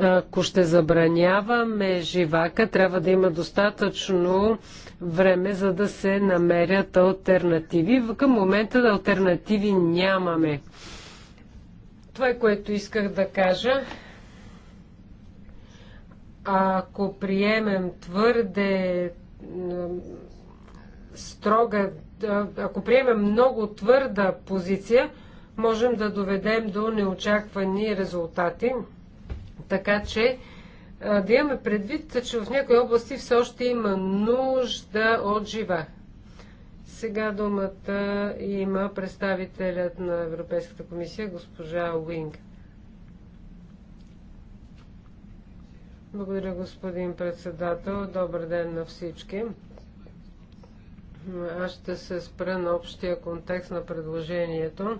Ако ще забраняваме живака, трябва да има достатъчно време, за да се намерят альтернативи. Към момента альтернативи нямаме. Това е което исках да кажа. Ако приемем твърде строга, ако приемем много твърда позиция, можем да доведем до неочаквани резултати. Така че да имаме предвид, че в някои области все още има нужда от жива. Сега думата има представителят на Европейската комисия, госпожа Уинг. Благодаря, господин председател. Добър ден на всички. Аз ще се спра на общия контекст на предложението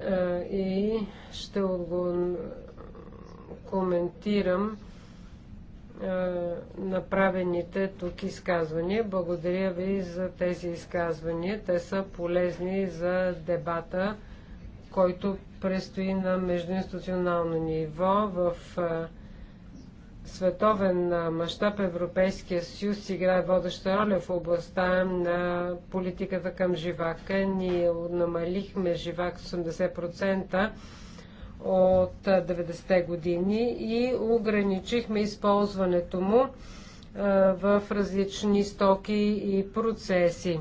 е, и ще го коментирам е, направените тук изказвания. Благодаря ви за тези изказвания. Те са полезни за дебата, който предстои на междуинституционално ниво в е, световен мащаб Европейския съюз играе водеща роля в областта на политиката към живака. Ние намалихме живак 80% от 90-те години и ограничихме използването му в различни стоки и процеси.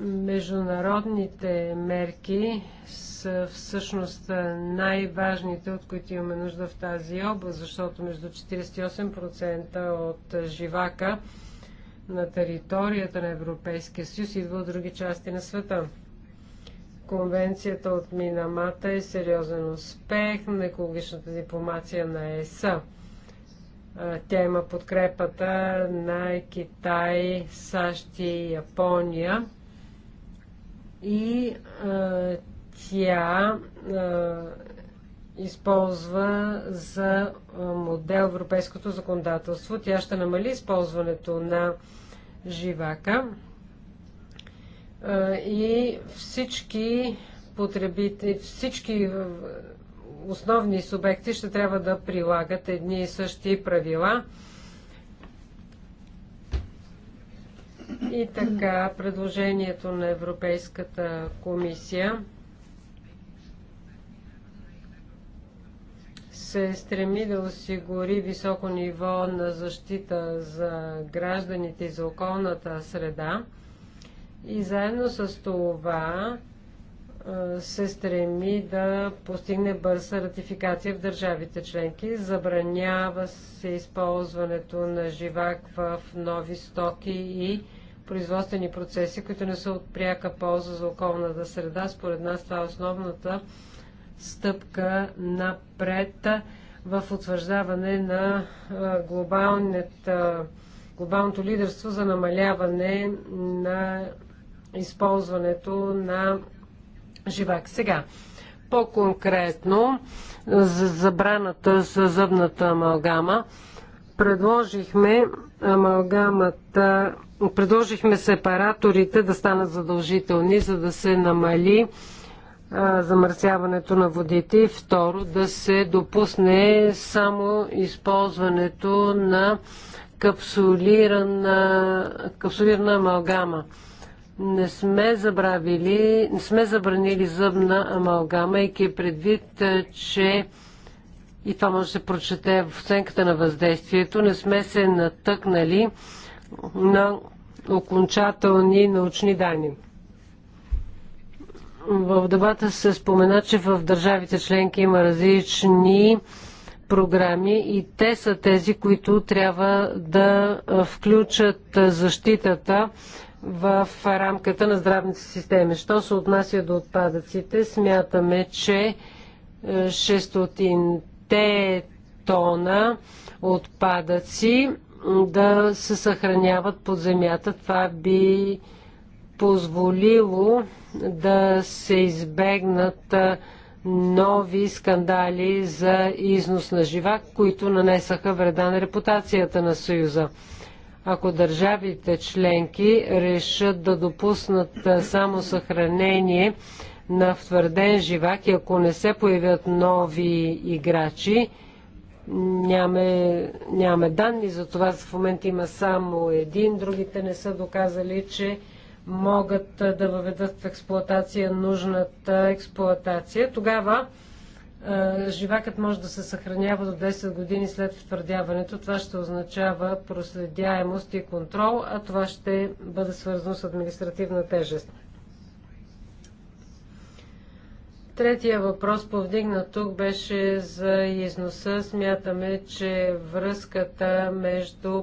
Международните мерки са всъщност най-важните, от които имаме нужда в тази област, защото между 48% от живака на територията на Европейския съюз идва от други части на света. Конвенцията от Минамата е сериозен успех на екологичната дипломация на ЕСА. Тя има подкрепата на Китай, САЩ и Япония и а, е, тя а, е, използва за е, модел европейското законодателство. Тя ще намали използването на живака а, и всички потребители, всички основни субекти ще трябва да прилагат едни и същи правила. И така, предложението на Европейската комисия се стреми да осигури високо ниво на защита за гражданите и за околната среда. И заедно с това се стреми да постигне бърза ратификация в държавите членки. Забранява се използването на живак в нови стоки и производствени процеси, които не са от пряка полза за околната среда. Според нас това е основната стъпка напред в утвърждаване на глобалното лидерство за намаляване на използването на живак. Сега, по-конкретно за забраната за зъбната амалгама – Предложихме амалгамата, предложихме сепараторите да станат задължителни, за да се намали замърсяването на водите и второ да се допусне само използването на капсулирана, капсулирана амалгама. Не сме забравили, не сме забранили зъбна амалгама, и предвид, че и това може да се прочете в оценката на въздействието, не сме се натъкнали на окончателни научни данни. В дебата се спомена, че в държавите членки има различни програми и те са тези, които трябва да включат защитата в рамката на здравните системи. Що се отнася до отпадъците, смятаме, че 600 те тона отпадъци да се съхраняват под земята. Това би позволило да се избегнат нови скандали за износ на живак, които нанесаха вреда на репутацията на Съюза. Ако държавите членки решат да допуснат само съхранение на втвърден живак и ако не се появят нови играчи, нямаме, нямаме данни за това. В момента има само един, другите не са доказали, че могат да въведат в експлоатация нужната експлоатация. Тогава живакът може да се съхранява до 10 години след втвърдяването. Това ще означава проследяемост и контрол, а това ще бъде свързано с административна тежест. Третия въпрос, повдигнат тук, беше за износа. Смятаме, че връзката между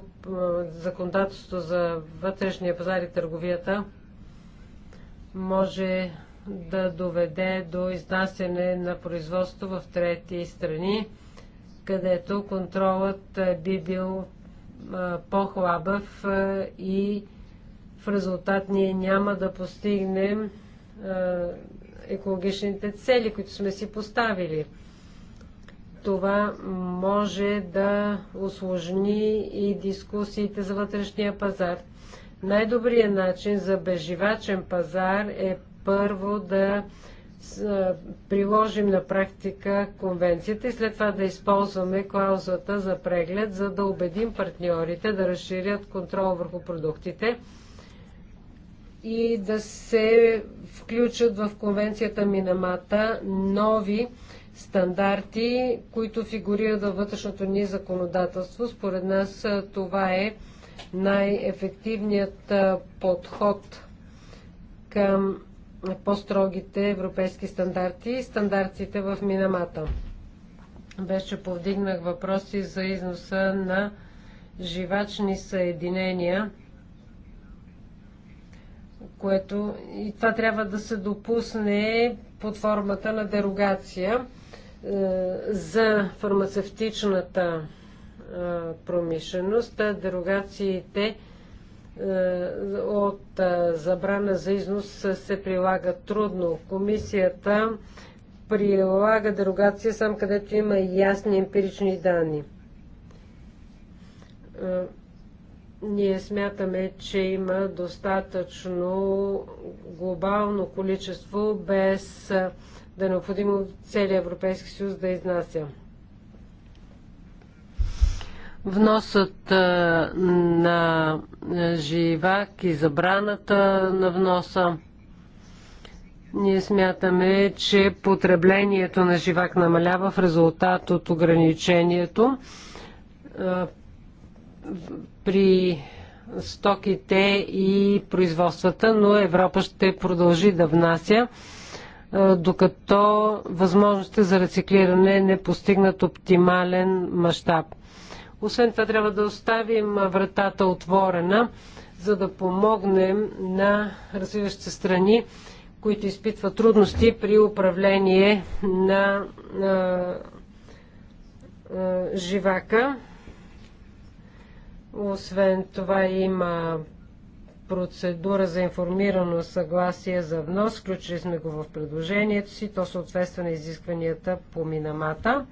законодателството за вътрешния пазар и търговията може да доведе до изнасяне на производство в трети страни, където контролът би бил по-хлабав и в резултат ние няма да постигнем екологичните цели, които сме си поставили. Това може да осложни и дискусиите за вътрешния пазар. Най-добрият начин за безживачен пазар е първо да приложим на практика конвенцията и след това да използваме клаузата за преглед, за да убедим партньорите да разширят контрол върху продуктите и да се включат в конвенцията Минамата нови стандарти, които фигурират във вътрешното ни законодателство. Според нас това е най-ефективният подход към по-строгите европейски стандарти и стандартите в Минамата. Беше повдигнах въпроси за износа на живачни съединения – което и това трябва да се допусне под формата на дерогация е, за фармацевтичната е, промишленост. Дерогациите е, от забрана за износ се прилагат трудно. Комисията прилага дерогация сам където има ясни емпирични данни ние смятаме, че има достатъчно глобално количество, без да е необходимо целият Европейски съюз да изнася. Вносът на живак и забраната на вноса. Ние смятаме, че потреблението на живак намалява в резултат от ограничението при стоките и производствата, но Европа ще продължи да внася, е, докато възможностите за рециклиране не постигнат оптимален мащаб. Освен това трябва да оставим вратата отворена, за да помогнем на развиващите страни, които изпитват трудности при управление на е, е, живака. Освен това има процедура за информирано съгласие за внос. Включили сме го в предложението си. То съответства на изискванията по Минамата.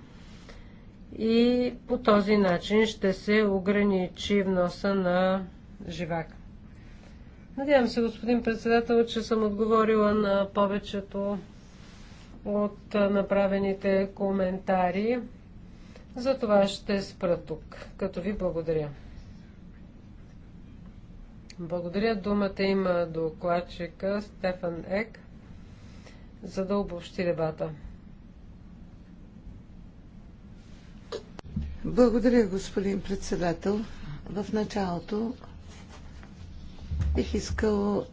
И по този начин ще се ограничи вноса на живак. Надявам се, господин председател, че съм отговорила на повечето от направените коментари. За това ще спра тук, като ви благодаря. Благодаря. Думата има докладчика Стефан Ек, за да обобщи дебата. Благодаря, господин председател. В началото бих искал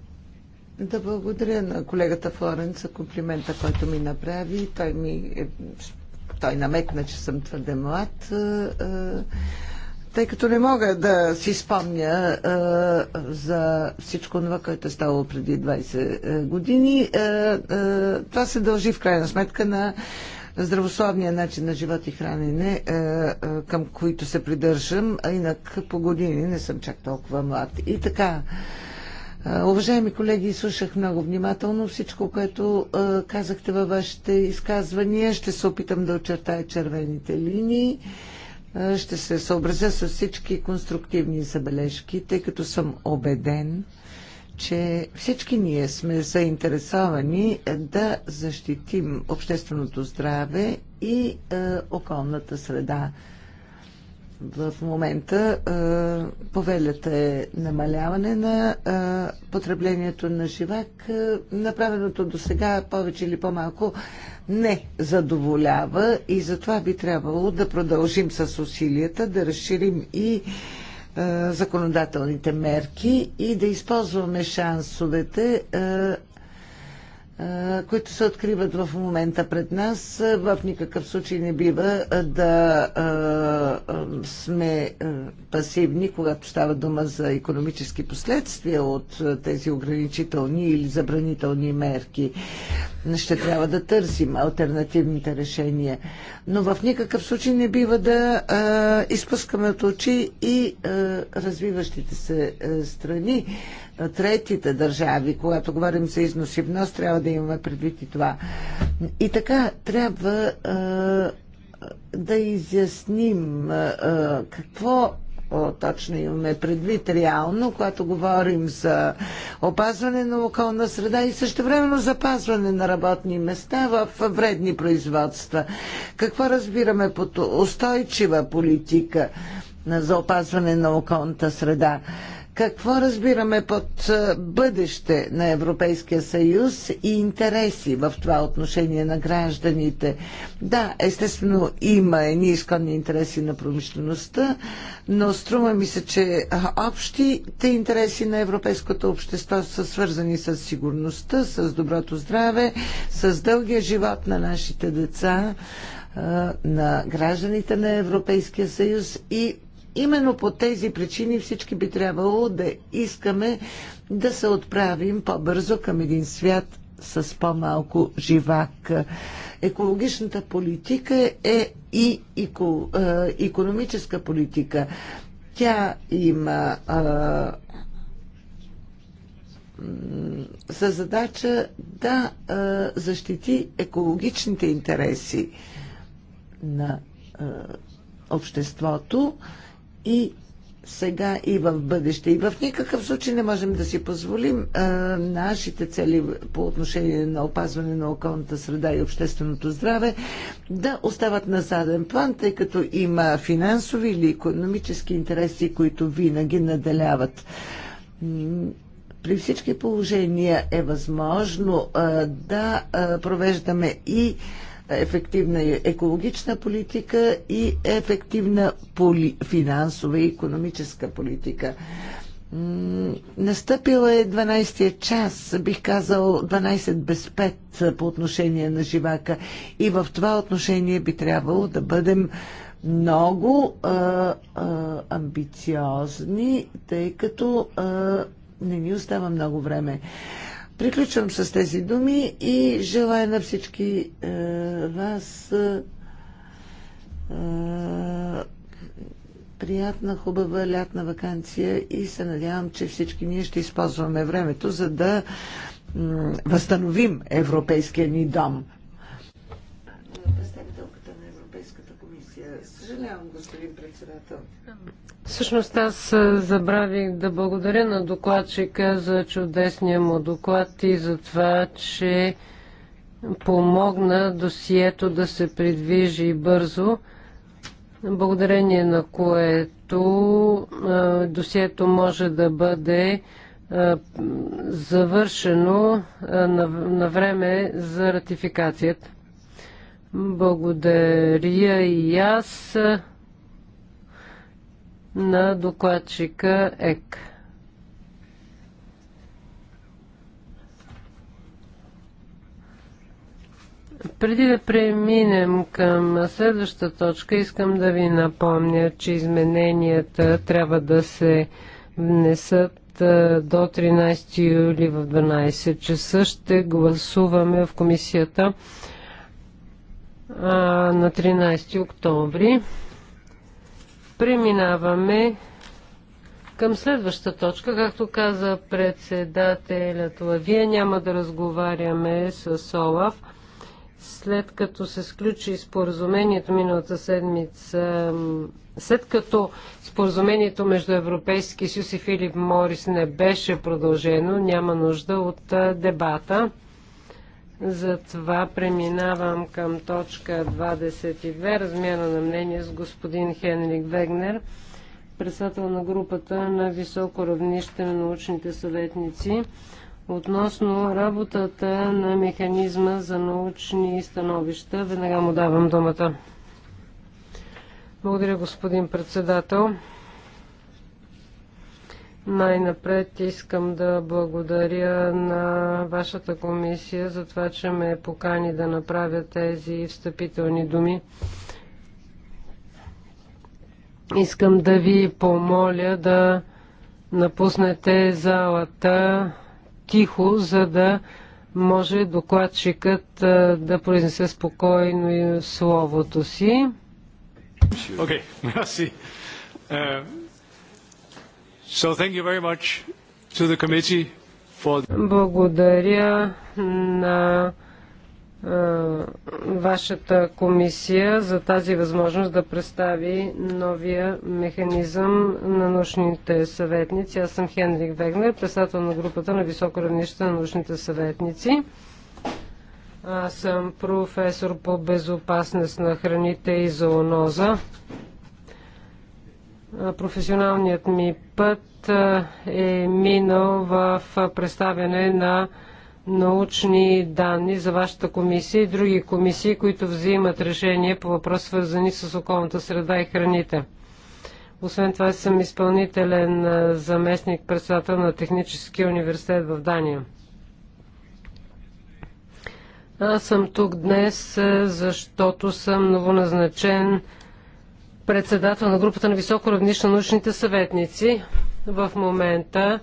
да благодаря на колегата Флорен за комплимента, който ми направи. Той ми е- той намекна, че съм твърде млад. Е, е, тъй като не мога да си спомня а, за всичко това, което е ставало преди 20 е, години. А, е, а, е, това се дължи в крайна сметка на здравословния начин на живот и хранене, а, а, към които се придържам, а инак по години не съм чак толкова млад. И така. Уважаеми колеги, слушах много внимателно всичко, което а, казахте във вашите изказвания. Ще се опитам да очертая червените линии ще се съобразя с всички конструктивни забележки, тъй като съм убеден, че всички ние сме заинтересовани е, да защитим общественото здраве и е, околната среда. В момента е, повелята е намаляване на е, потреблението на живак. Е, направеното до сега повече или по-малко не задоволява и затова би трябвало да продължим с усилията, да разширим и е, законодателните мерки и да използваме шансовете е, които се откриват в момента пред нас, в никакъв случай не бива да сме пасивни, когато става дума за економически последствия от тези ограничителни или забранителни мерки. Ще трябва да търсим альтернативните решения. Но в никакъв случай не бива да изпускаме от очи и развиващите се страни, третите държави, когато говорим за износ и внос, трябва да имаме предвид и това. И така, трябва а, да изясним а, какво точно имаме предвид реално, когато говорим за опазване на околна среда и също времено запазване на работни места в вредни производства. Какво разбираме под устойчива политика за опазване на околната среда? Какво разбираме под е, бъдеще на Европейския съюз и интереси в това отношение на гражданите? Да, естествено има едни изконни интереси на промишлеността, но струва ми се, че е, общите интереси на европейското общество са свързани с сигурността, с доброто здраве, с дългия живот на нашите деца е, на гражданите на Европейския съюз и именно по тези причини всички би трябвало да искаме да се отправим по-бързо към един свят с по-малко живак. Екологичната политика е и еко, е, економическа политика. Тя има за задача да защити екологичните интереси на обществото и сега и в бъдеще. И в никакъв случай не можем да си позволим а, нашите цели по отношение на опазване на околната среда и общественото здраве да остават на заден план, тъй като има финансови или економически интереси, които винаги наделяват. При всички положения е възможно а, да а, провеждаме и а, ефективна екологична политика и ефективна поли, финансова и економическа политика. Настъпил е 12-я час, бих казал 12 без 5 по отношение на живака. И в това отношение би трябвало да бъдем много а, а, амбициозни, тъй като а, не ни остава много време. Приключвам с тези думи и желая на всички е, вас е, приятна, хубава лятна вакансия и се надявам, че всички ние ще използваме времето, за да възстановим европейския ни дом. Представителката на Европейската комисия. Съжалявам, господин председател. Всъщност аз забравих да благодаря на докладчика за чудесния му доклад и за това, че помогна досието да се придвижи бързо, благодарение на което досието може да бъде завършено на време за ратификацията. Благодаря и аз на докладчика ЕК. Преди да преминем към следващата точка, искам да ви напомня, че измененията трябва да се внесат до 13 юли в 12 часа. Ще гласуваме в комисията на 13 октомври. Преминаваме към следваща точка. Както каза председателят Лавия, няма да разговаряме с Олаф. След като се сключи споразумението миналата седмица, след като споразумението между Европейския съюз и Филип Морис не беше продължено, няма нужда от дебата. Затова преминавам към точка 22, размяна на мнение с господин Хенрик Вегнер, председател на групата на високо равнище на научните съветници, относно работата на механизма за научни становища. Веднага му давам думата. Благодаря, господин председател. Най-напред искам да благодаря на вашата комисия за това, че ме покани да направя тези встъпителни думи. Искам да ви помоля да напуснете залата тихо, за да може докладчикът да произнесе спокойно и словото си. Окей, okay, Благодаря на вашата комисия за тази възможност да представи новия механизъм на научните съветници. Аз съм Хенрик Вегнер, председател на групата на високо равнище на научните съветници. Аз съм професор по безопасност на храните и зооноза професионалният ми път е минал в представяне на научни данни за вашата комисия и други комисии, които взимат решения по въпрос, свързани с околната среда и храните. Освен това съм изпълнителен заместник председател на Техническия университет в Дания. Аз съм тук днес, защото съм новоназначен председател на групата на високо равнище на научните съветници. В момента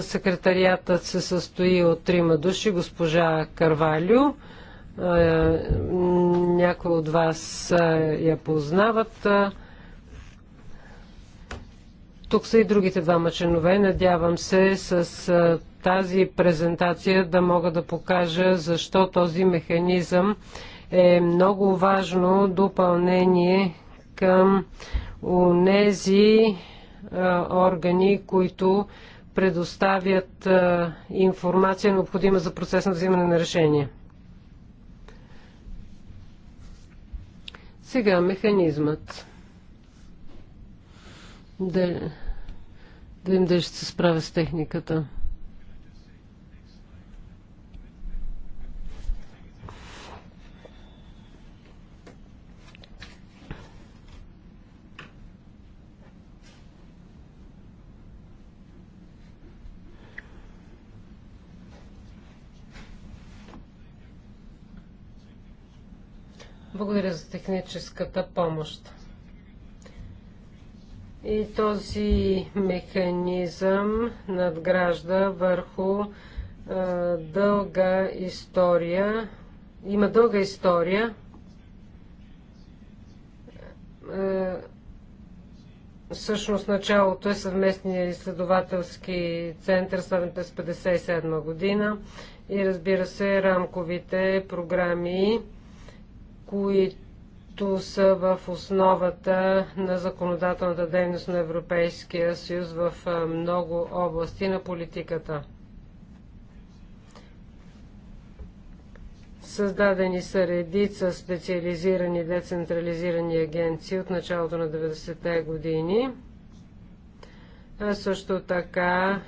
секретариатът се състои от трима души. Госпожа Карвалю, някои от вас я познават. Тук са и другите двама членове. Надявам се с тази презентация да мога да покажа защо този механизъм е много важно допълнение към тези органи, които предоставят информация необходима за процес на взимане на решение. Сега механизмът. Да, да им да ще се справя с техниката. Благодаря за техническата помощ. И този механизъм надгражда върху а, дълга история. Има дълга история. А, всъщност началото е съвместния изследователски център, съвен през 1957 година и разбира се рамковите програми които са в основата на законодателната дейност на Европейския съюз в много области на политиката. Създадени са редица специализирани децентрализирани агенции от началото на 90-те години. А също така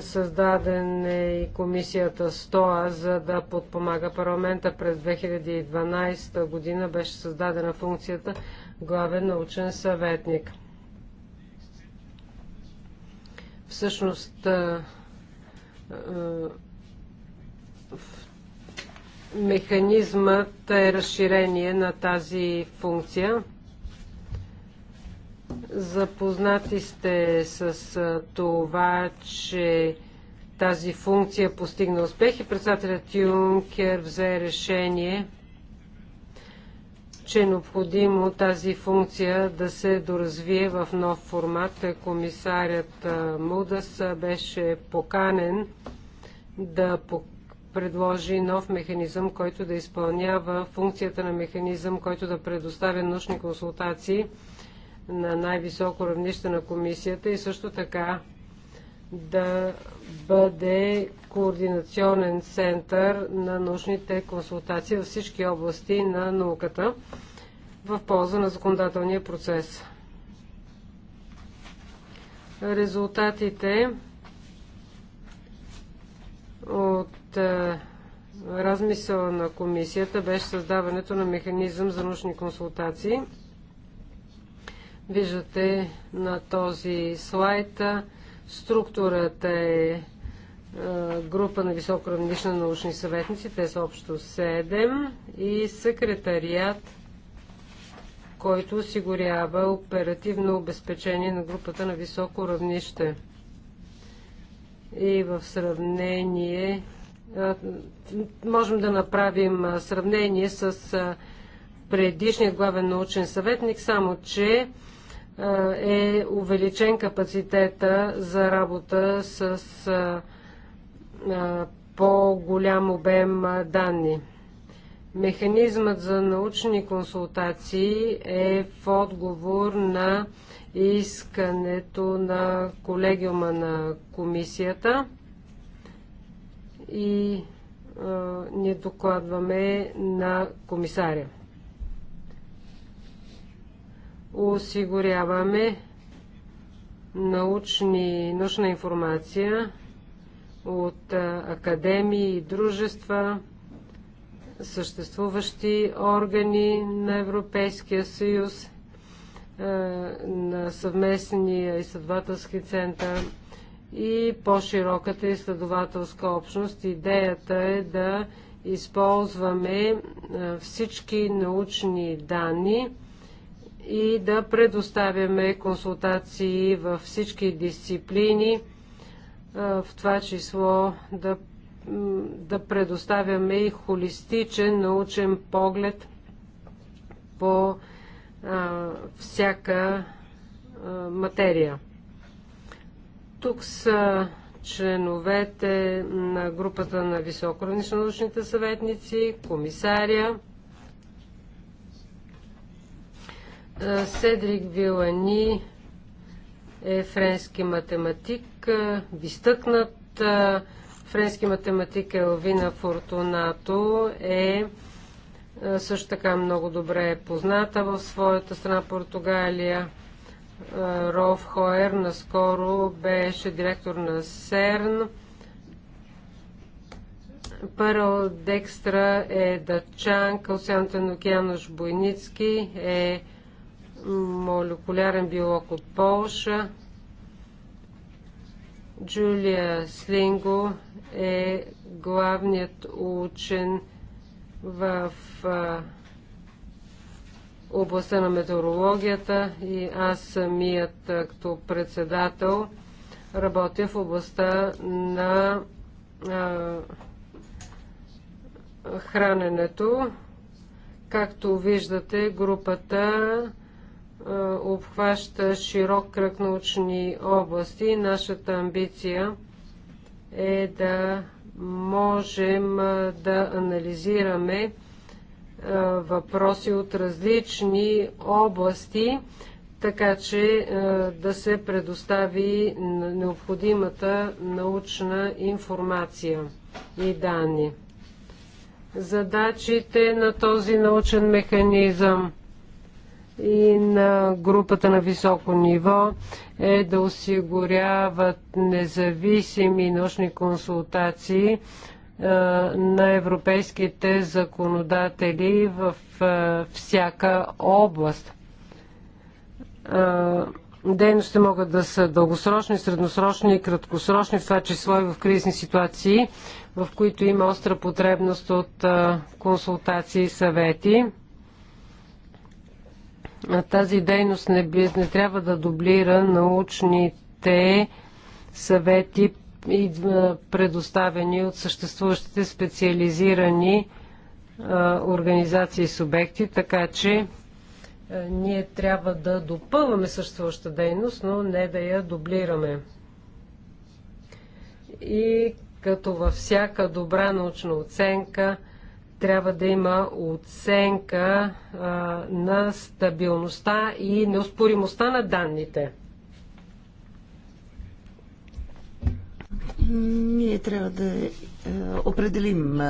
Създаден е и комисията СТОА, за да подпомага парламента. През 2012 година беше създадена функцията главен научен съветник. Всъщност, механизмът е разширение на тази функция. Запознати сте с това, че тази функция постигна успех и председателят Юнкер взе решение, че е необходимо тази функция да се доразвие в нов формат. Комисарят Мудас беше поканен да предложи нов механизъм, който да изпълнява функцията на механизъм, който да предоставя научни консултации на най-високо равнище на комисията и също така да бъде координационен център на научните консултации във всички области на науката в полза на законодателния процес. Резултатите от е, размисъла на комисията беше създаването на механизъм за научни консултации – Виждате на този слайд структурата е група на високо научни съветници. Те са общо 7 и секретарият, който осигурява оперативно обезпечение на групата на високо равнище. И в сравнение можем да направим сравнение с предишният главен научен съветник, само че е увеличен капацитета за работа с по-голям обем данни. Механизмът за научни консултации е в отговор на искането на колегиума на комисията и ни докладваме на комисаря осигуряваме научни, научна информация от академии и дружества, съществуващи органи на Европейския съюз, на съвместния изследователски център и по-широката изследователска общност. Идеята е да използваме всички научни данни, и да предоставяме консултации във всички дисциплини, в това число да, да предоставяме и холистичен научен поглед по а, всяка а, материя. Тук са членовете на групата на високоравнично научните съветници, комисаря, Е, Седрик Вилани е френски математик, е, изтъкнат е, френски математик Елвина Фортунато е също така много добре е позната в своята страна Португалия. Ров Хоер наскоро беше директор на СЕРН. Пърл Декстра е датчанка, Осянтен Океанош Бойницки е молекулярен биолог от Полша. Джулия Слинго е главният учен в областта на метеорологията и аз самият като председател работя в областта на а, храненето. Както виждате, групата е, обхваща широк кръг научни области. Нашата амбиция е да можем е, да анализираме е, въпроси от различни области, така че да се предостави необходимата научна информация и данни. Задачите на този научен механизъм – и на групата на високо ниво е да осигуряват независими научни консултации е, на европейските законодатели в е, всяка област. Е, дейностите дейности могат да са дългосрочни, средносрочни и краткосрочни, в това число и в кризни ситуации, в които има остра потребност от консултации и съвети. Тази дейност не, би, не трябва да дублира научните съвети, предоставени от съществуващите специализирани организации и субекти, така че ние трябва да допълваме съществуваща дейност, но не да я дублираме. И като във всяка добра научна оценка, трябва да има оценка а, на стабилността и неоспоримостта на данните. Ние трябва да е, определим е,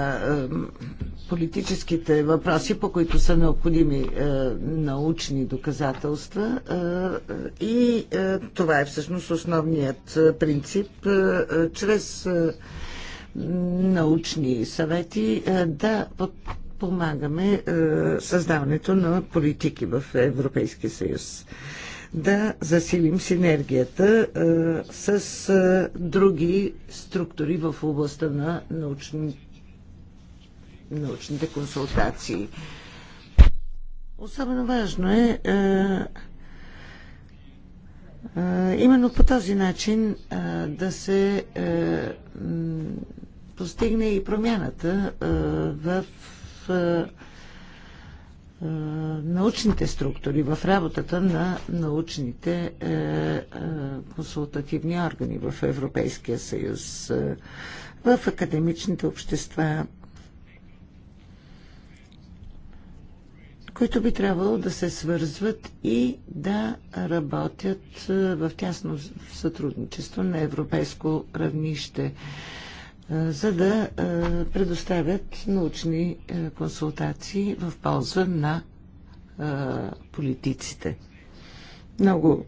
политическите въпроси, по които са необходими е, научни доказателства е, и е, това е всъщност основният е, принцип. Е, е, чрез е, научни съвети е, да помагаме е, създаването на политики в Европейския съюз. Да засилим синергията е, с други структури в областта на научни, научните консултации. Особено важно е именно по този начин да се постигне и промяната в научните структури, в работата на научните е, е, консултативни органи в Европейския съюз, е, в академичните общества, които би трябвало да се свързват и да работят в тясно сътрудничество на европейско равнище за да предоставят научни консултации в полза на политиците. Много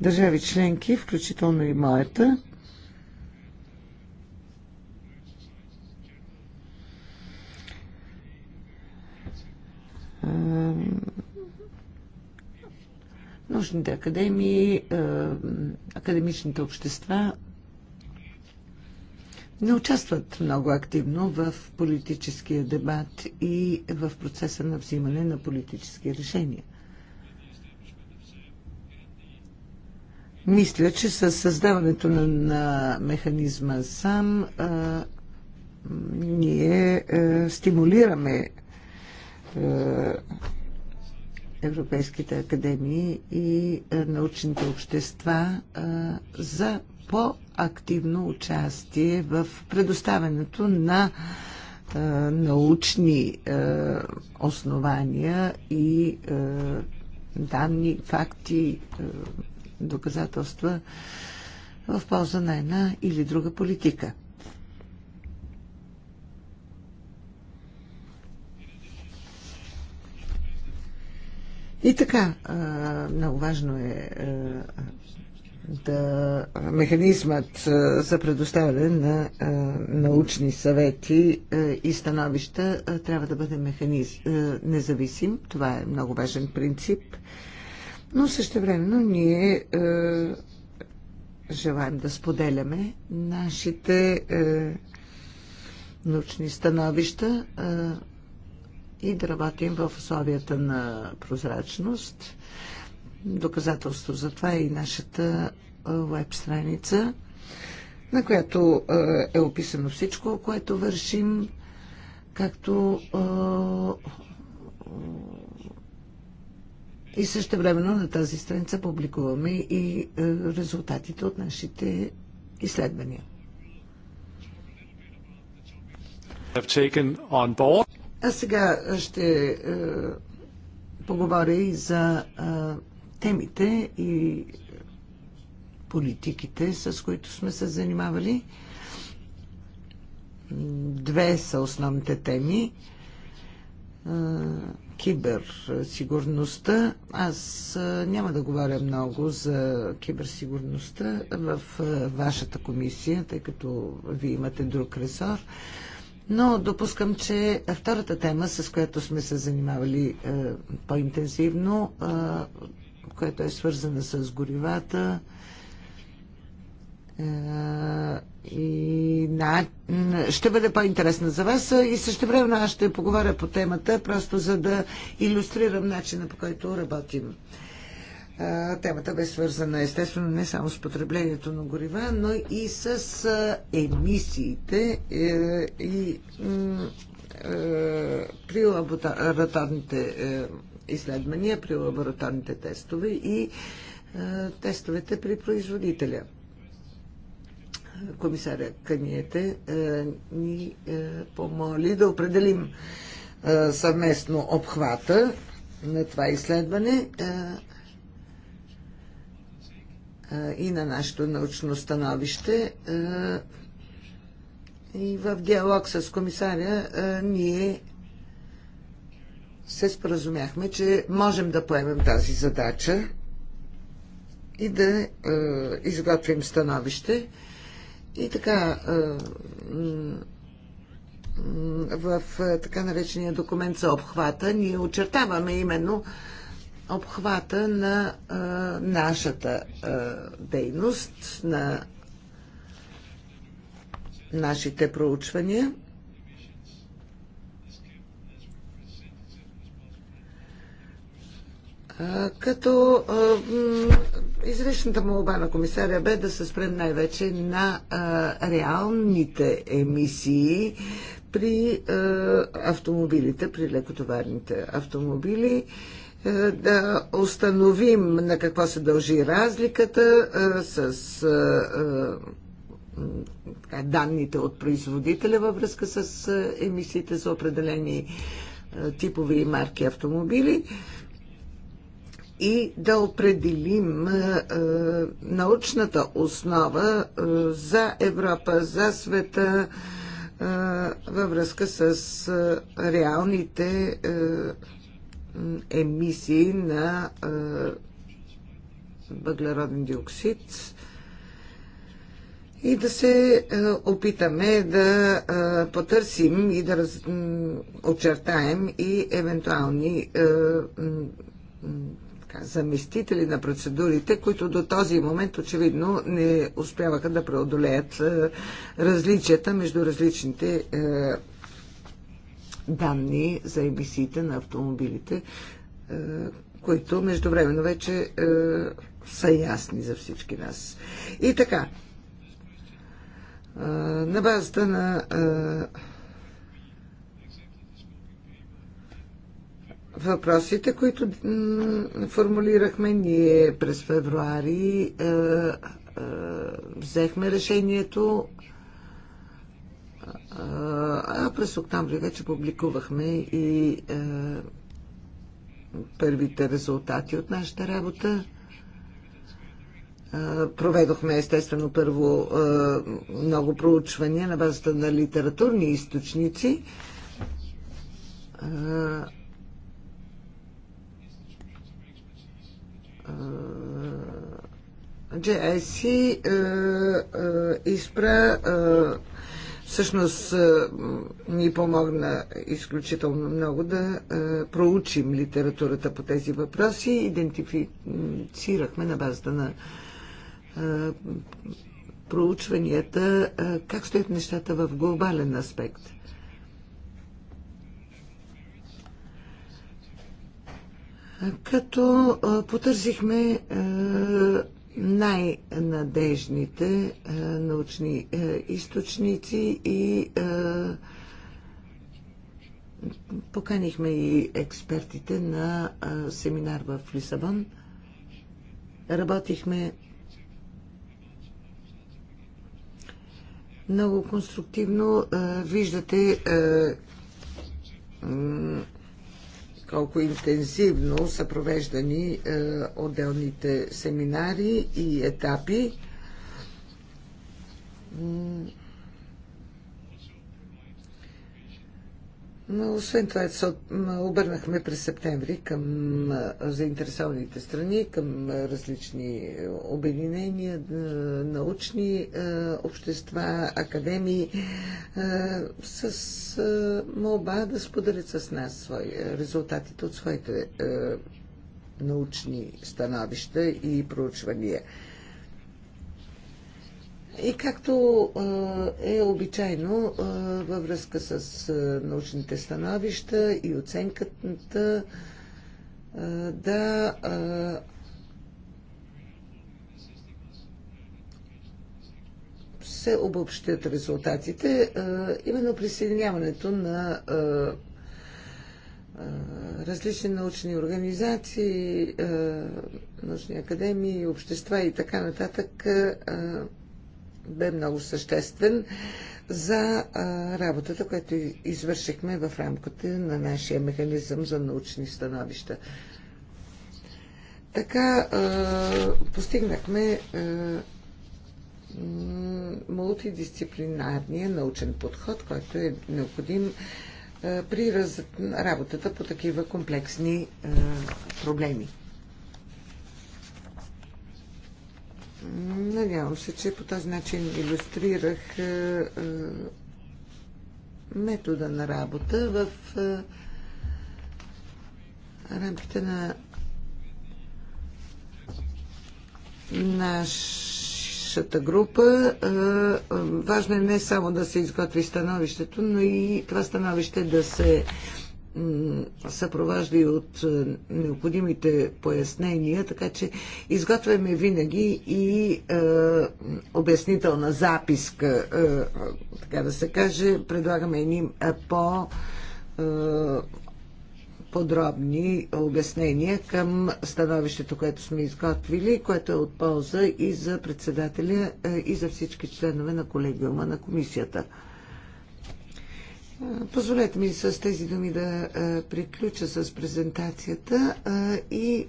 държави членки, включително и моята, научните академии, академичните общества не участват много активно в политическия дебат и в процеса на взимане на политически решения. Мисля, че с създаването на, на механизма сам а, ние а, стимулираме а, европейските академии и а, научните общества а, за по активно участие в предоставянето на а, е, научни а, е, основания и а, е, данни, факти, а, доказателства в полза на една или друга политика. И така, много важно е да, механизмът за предоставяне на научни съвети и становища трябва да бъде механиз, независим. Това е много важен принцип. Но също времено ние желаем да споделяме нашите научни становища и да работим в условията на прозрачност. Доказателство за това е и нашата веб страница, на която е описано всичко, което вършим, както и също времено на тази страница публикуваме и резултатите от нашите изследвания. А сега ще е, поговоря и за е, темите и политиките, с които сме се занимавали. Две са основните теми. Киберсигурността. Аз няма да говоря много за киберсигурността в вашата комисия, тъй като вие имате друг ресор. Но допускам, че втората тема, с която сме се занимавали по-интензивно, която е свързана с горивата е, и на... ще бъде по-интересна за вас и също време аз ще поговоря по темата, просто за да иллюстрирам начина по който работим. Е, темата бе свързана естествено не само с потреблението на горива, но и с е, емисиите и при лабораторните изследвания, при лабораторните тестове и е, тестовете при производителя. Комисаря Каниете е, ни е, помоли да определим съвместно обхвата на това изследване и на нашето научно становище. И в диалог с комисаря ние се споразумяхме, че можем да поемем тази задача и да е, изготвим становище. И така, е, в е, така наречения документ за обхвата, ние очертаваме именно обхвата на е, нашата е, дейност, на нашите проучвания. като изричната молба на комисаря бе да се спрем най-вече на реалните емисии при автомобилите, при лекотоварните автомобили да установим на какво се дължи разликата с данните от производителя във връзка с емисиите за определени типове и марки автомобили и да определим е, е, научната основа е, за Европа, за света във връзка с реалните емисии на въглероден диоксид и да се опитаме да потърсим и да раз, очертаем и евентуални така, заместители на процедурите, които до този момент очевидно не успяваха да преодолеят е, различията между различните е, данни за емисиите на автомобилите, е, които междувременно вече са ясни за всички нас. И така, на базата на въпросите, които формулирахме ние през февруари, е, е, взехме решението, е, а през октомври вече публикувахме и е, първите резултати от нашата работа. Е, проведохме естествено първо е, много проучвания на базата на литературни източници GIC е, е, изпра е, всъщност ни помогна изключително много да проучим литературата по тези въпроси. Идентифицирахме на базата на проучванията как стоят нещата в глобален аспект. Като потърсихме най-надежните е, научни е, източници и е, поканихме и експертите на семинар в Лисабон. Работихме много конструктивно. Виждате колко интензивно са провеждани е, отделните семинари и етапи. Но освен това се обърнахме през септември към заинтересованите страни, към различни е, обединения, научни общества, академии, с молба да споделят с нас свои, е, резултатите от своите е, научни становища и проучвания. И както е обичайно във връзка с научните становища и оценката да се обобщят резултатите. Именно присъединяването на различни научни организации, научни академии, общества и така нататък бе много съществен за работата, която извършихме в рамката на нашия механизъм за научни становища. Така постигнахме мултидисциплинарния научен подход, който е необходим при работата по такива комплексни проблеми. Надявам се, че по този начин иллюстрирах е, е, метода на работа в е, рамките на нашата група. Важно е не само да се изготви становището, но и това становище да се съпровожда и от е, необходимите пояснения, така че изготвяме винаги и е, обяснителна записка, е, така да се каже. Предлагаме едни е, по- е, подробни обяснения към становището, което сме изготвили, което е от полза и за председателя, е, и за всички членове на колегиума на комисията. Позволете ми с тези думи да приключа с презентацията и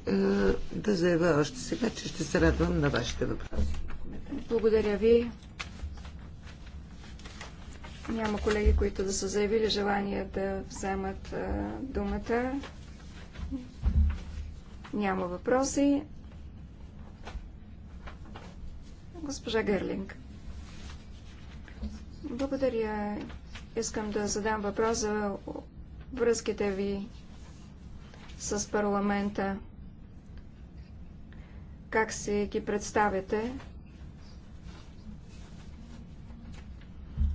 да заявя още сега, че ще се радвам на вашите въпроси. Благодаря ви. Няма колеги, които да са заявили желание да вземат думата. Няма въпроси. Госпожа Гърлинг. Благодаря Искам да задам въпрос за връзките ви с парламента. Как си ги представяте?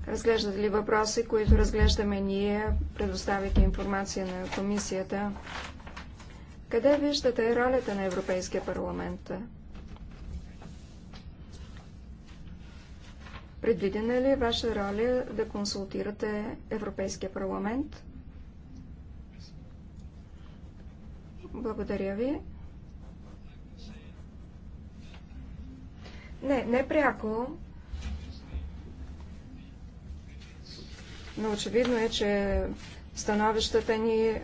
Разглеждат ли въпроси, които разглеждаме ние, предоставяйки информация на комисията? Къде виждате ролята на Европейския парламент? Предвидена ли е ваша роля да консултирате Европейския парламент? Благодаря ви. Не, не пряко. Но очевидно е, че становищата ни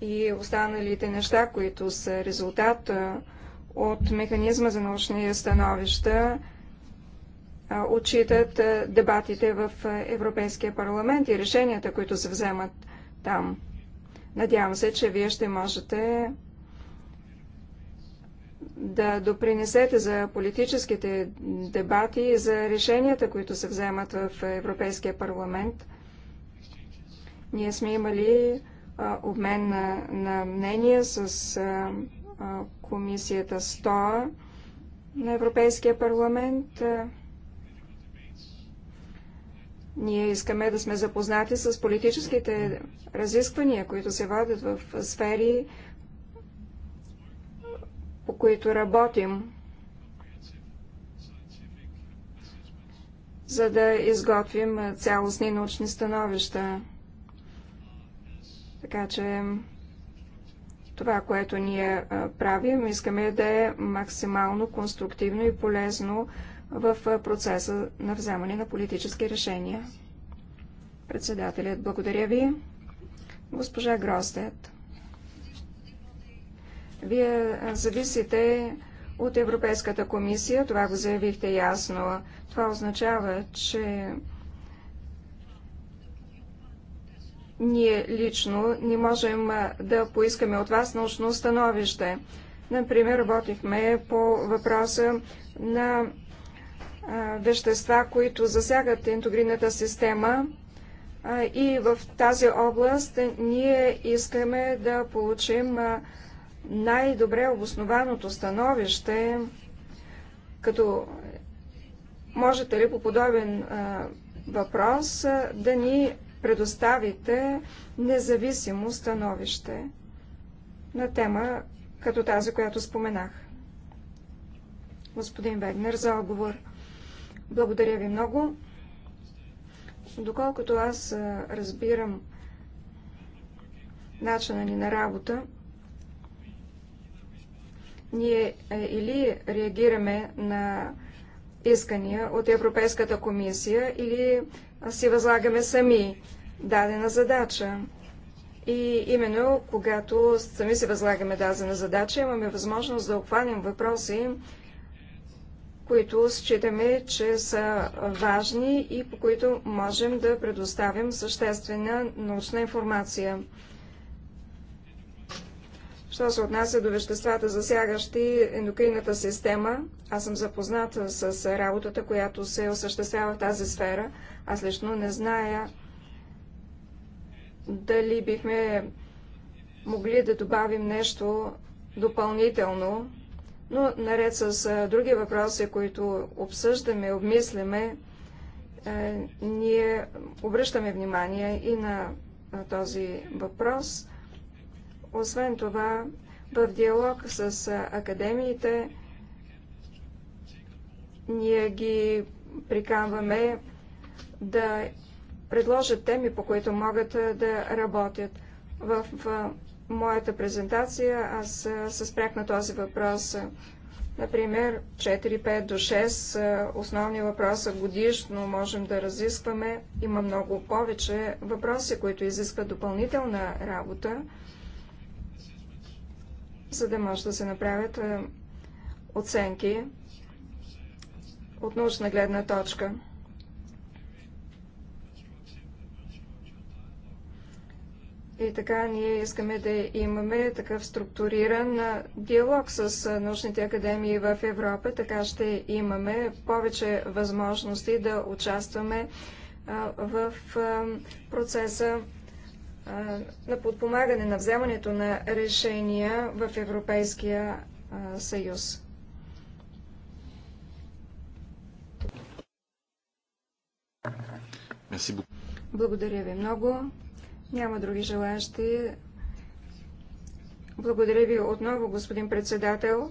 и останалите неща, които са резултат от механизма за научни становища, отчитат дебатите в Европейския парламент и решенията, които се вземат там. Надявам се, че вие ще можете да допринесете за политическите дебати и за решенията, които се вземат в Европейския парламент. Ние сме имали обмен на, на мнение с а, а, комисията 100 на Европейския парламент. А, ние искаме да сме запознати с политическите разисквания, които се водят в сфери, по които работим, за да изготвим цялостни научни становища. Така че това, което ние правим, искаме да е максимално конструктивно и полезно в процеса на вземане на политически решения. Председателят, благодаря ви. Госпожа Гростет, вие зависите от Европейската комисия, това го заявихте ясно. Това означава, че ние лично не можем да поискаме от вас научно становище. Например, работихме по въпроса на вещества, които засягат интегрираната система. И в тази област ние искаме да получим най-добре обоснованото становище, като можете ли по подобен въпрос да ни предоставите независимо становище на тема като тази, която споменах. Господин Вегнер за отговор. Благодаря ви много. Доколкото аз разбирам начина ни на работа, ние или реагираме на искания от Европейската комисия, или си възлагаме сами дадена задача. И именно когато сами си възлагаме дадена задача, имаме възможност да обхванем въпроси, които считаме, че са важни и по които можем да предоставим съществена научна информация. Що се отнася до веществата, засягащи ендокринната система, аз съм запозната с работата, която се осъществява в тази сфера. Аз лично не зная дали бихме могли да добавим нещо допълнително но наред с други въпроси, които обсъждаме, обмисляме, е, ние обръщаме внимание и на този въпрос. Освен това, в диалог с академиите, ние ги приканваме да предложат теми, по които могат да работят. В моята презентация аз се спрях на този въпрос. Например, 4, 5 до 6 основни въпроса годишно можем да разискваме. Има много повече въпроси, които изискват допълнителна работа, за да може да се направят оценки от научна гледна точка. И така ние искаме да имаме такъв структуриран диалог с научните академии в Европа, така ще имаме повече възможности да участваме в процеса на подпомагане на вземането на решения в Европейския съюз. Благодаря ви много. Няма други желаящи. Благодаря ви отново, господин председател,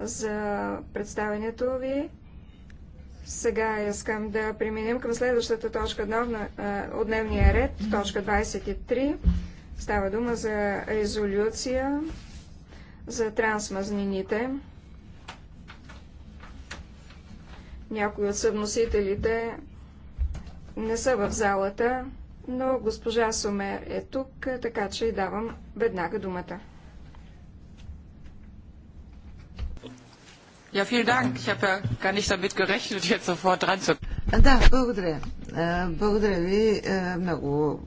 за представенето ви. Сега искам да преминем към следващата точка от дневния ред, точка 23. Става дума за резолюция за трансмазнините. Някои от съвносителите не са в залата но госпожа Сомер е тук, така че й давам веднага думата. Ja, vielen Dank. Ich habe ja gar nicht damit gerechnet, jetzt sofort dran zu. Да, благодаря. Е, благодаря ви е, много.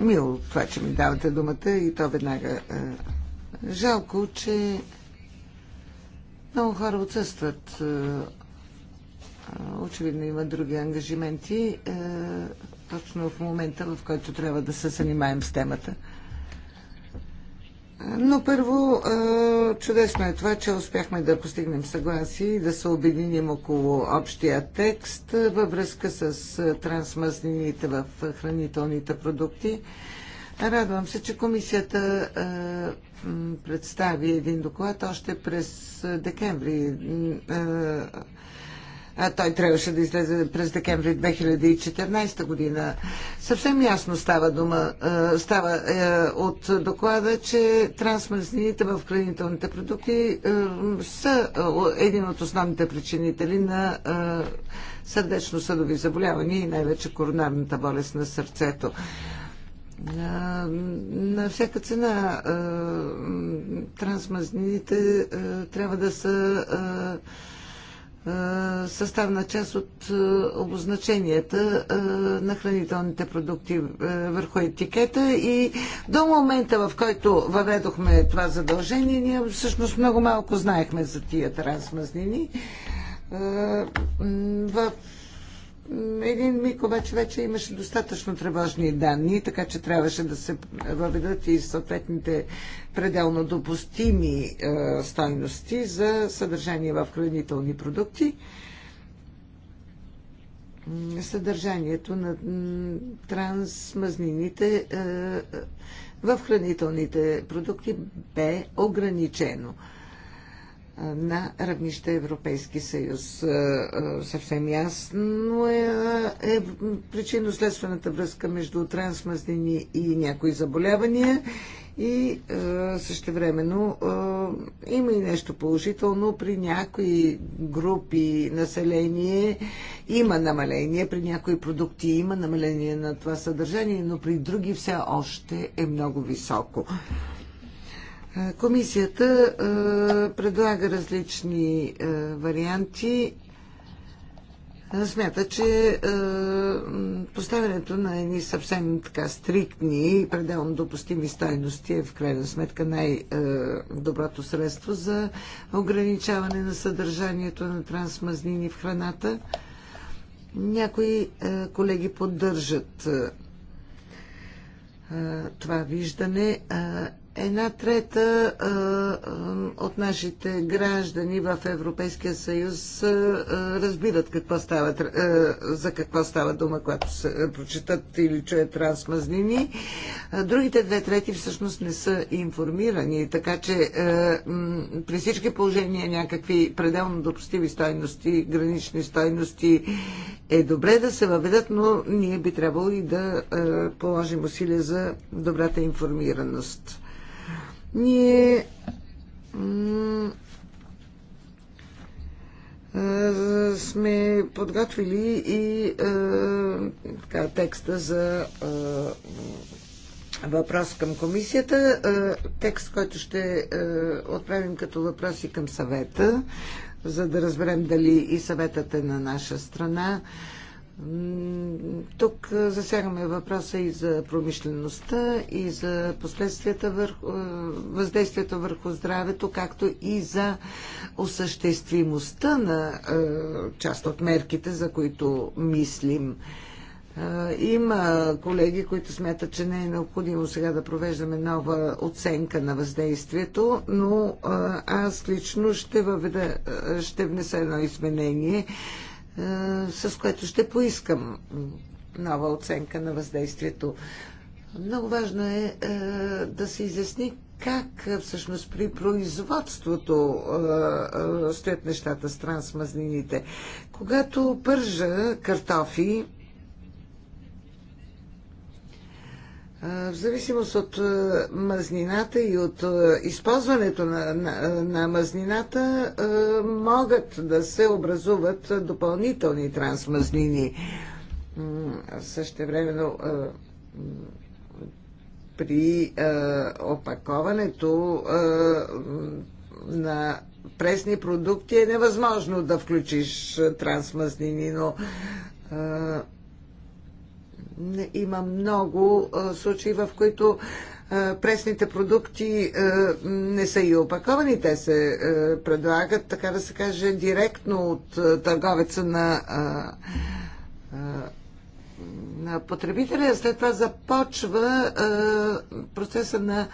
Е, мило това, че ми давате думата и то веднага. Жалко, че много хора отсъстват. Очевидно има други ангажименти точно в момента, в който трябва да се занимаем с темата. Но първо, е, чудесно е това, че успяхме да постигнем съгласие и да се обединим около общия текст е, във връзка с е, трансмазнините в хранителните продукти. Радвам се, че комисията представи един доклад още през декември а той трябваше да излезе през декември 2014 година. Съвсем ясно става дума, става е, от доклада, че трансмазнините в хранителните продукти са един от основните причинители на сърдечно-съдови заболявания и най-вече коронарната болест на сърцето. На всяка цена трансмазнините трябва да са е, съставна част от е, обозначенията е, на хранителните продукти върху етикета и до момента, в който въведохме това задължение, ние всъщност много малко знаехме за тия трансмазнини. В един миг обаче вече имаше достатъчно тревожни данни, така че трябваше да се въведат и съответните пределно допустими е, стойности за съдържание в хранителни продукти. Съдържанието на трансмазнините е, в хранителните продукти бе ограничено. Е, на равнище Европейски съюз. Съвсем ясно е, е причинно-следствената връзка между трансмазнини и някои заболявания и е, същевременно е, има и нещо положително. При някои групи население има намаление, при някои продукти има намаление на това съдържание, но при други все още е много високо. Комисията предлага различни варианти. Смята, че поставянето на едни съвсем така стриктни и пределно допустими стойности е в крайна сметка най-доброто средство за ограничаване на съдържанието на трансмазнини в храната. Някои колеги поддържат това виждане една трета а, от нашите граждани в Европейския съюз а, разбират какво става, а, за какво става дума, когато се прочитат или чуят трансмазнини. А, другите две трети всъщност не са информирани, така че а, м, при всички положения някакви пределно допустими стойности, гранични стойности е добре да се въведат, но ние би трябвало и да а, положим усилия за добрата информираност. Ние сме подготвили и така, текста за въпрос към комисията. Текст, който ще отправим като въпроси към съвета, за да разберем дали и съветът е на наша страна. Тук засягаме въпроса и за промишлеността, и за последствията върху, въздействието върху здравето, както и за осъществимостта на част от мерките, за които мислим. Има колеги, които смятат, че не е необходимо сега да провеждаме нова оценка на въздействието, но аз лично ще, въведа, ще внеса едно изменение е, с което ще поискам нова оценка на въздействието. Много важно е, е да се изясни как е, всъщност при производството стоят нещата с трансмазнините. Когато пържа картофи, В зависимост от мазнината и от използването на, на, на мазнината могат да се образуват допълнителни трансмазнини. Същевременно при опаковането на пресни продукти е невъзможно да включиш трансмазнини, но има много случаи, в които пресните продукти не са и опаковани. Те се предлагат, така да се каже, директно от търговеца на на потребителя, след това започва процеса на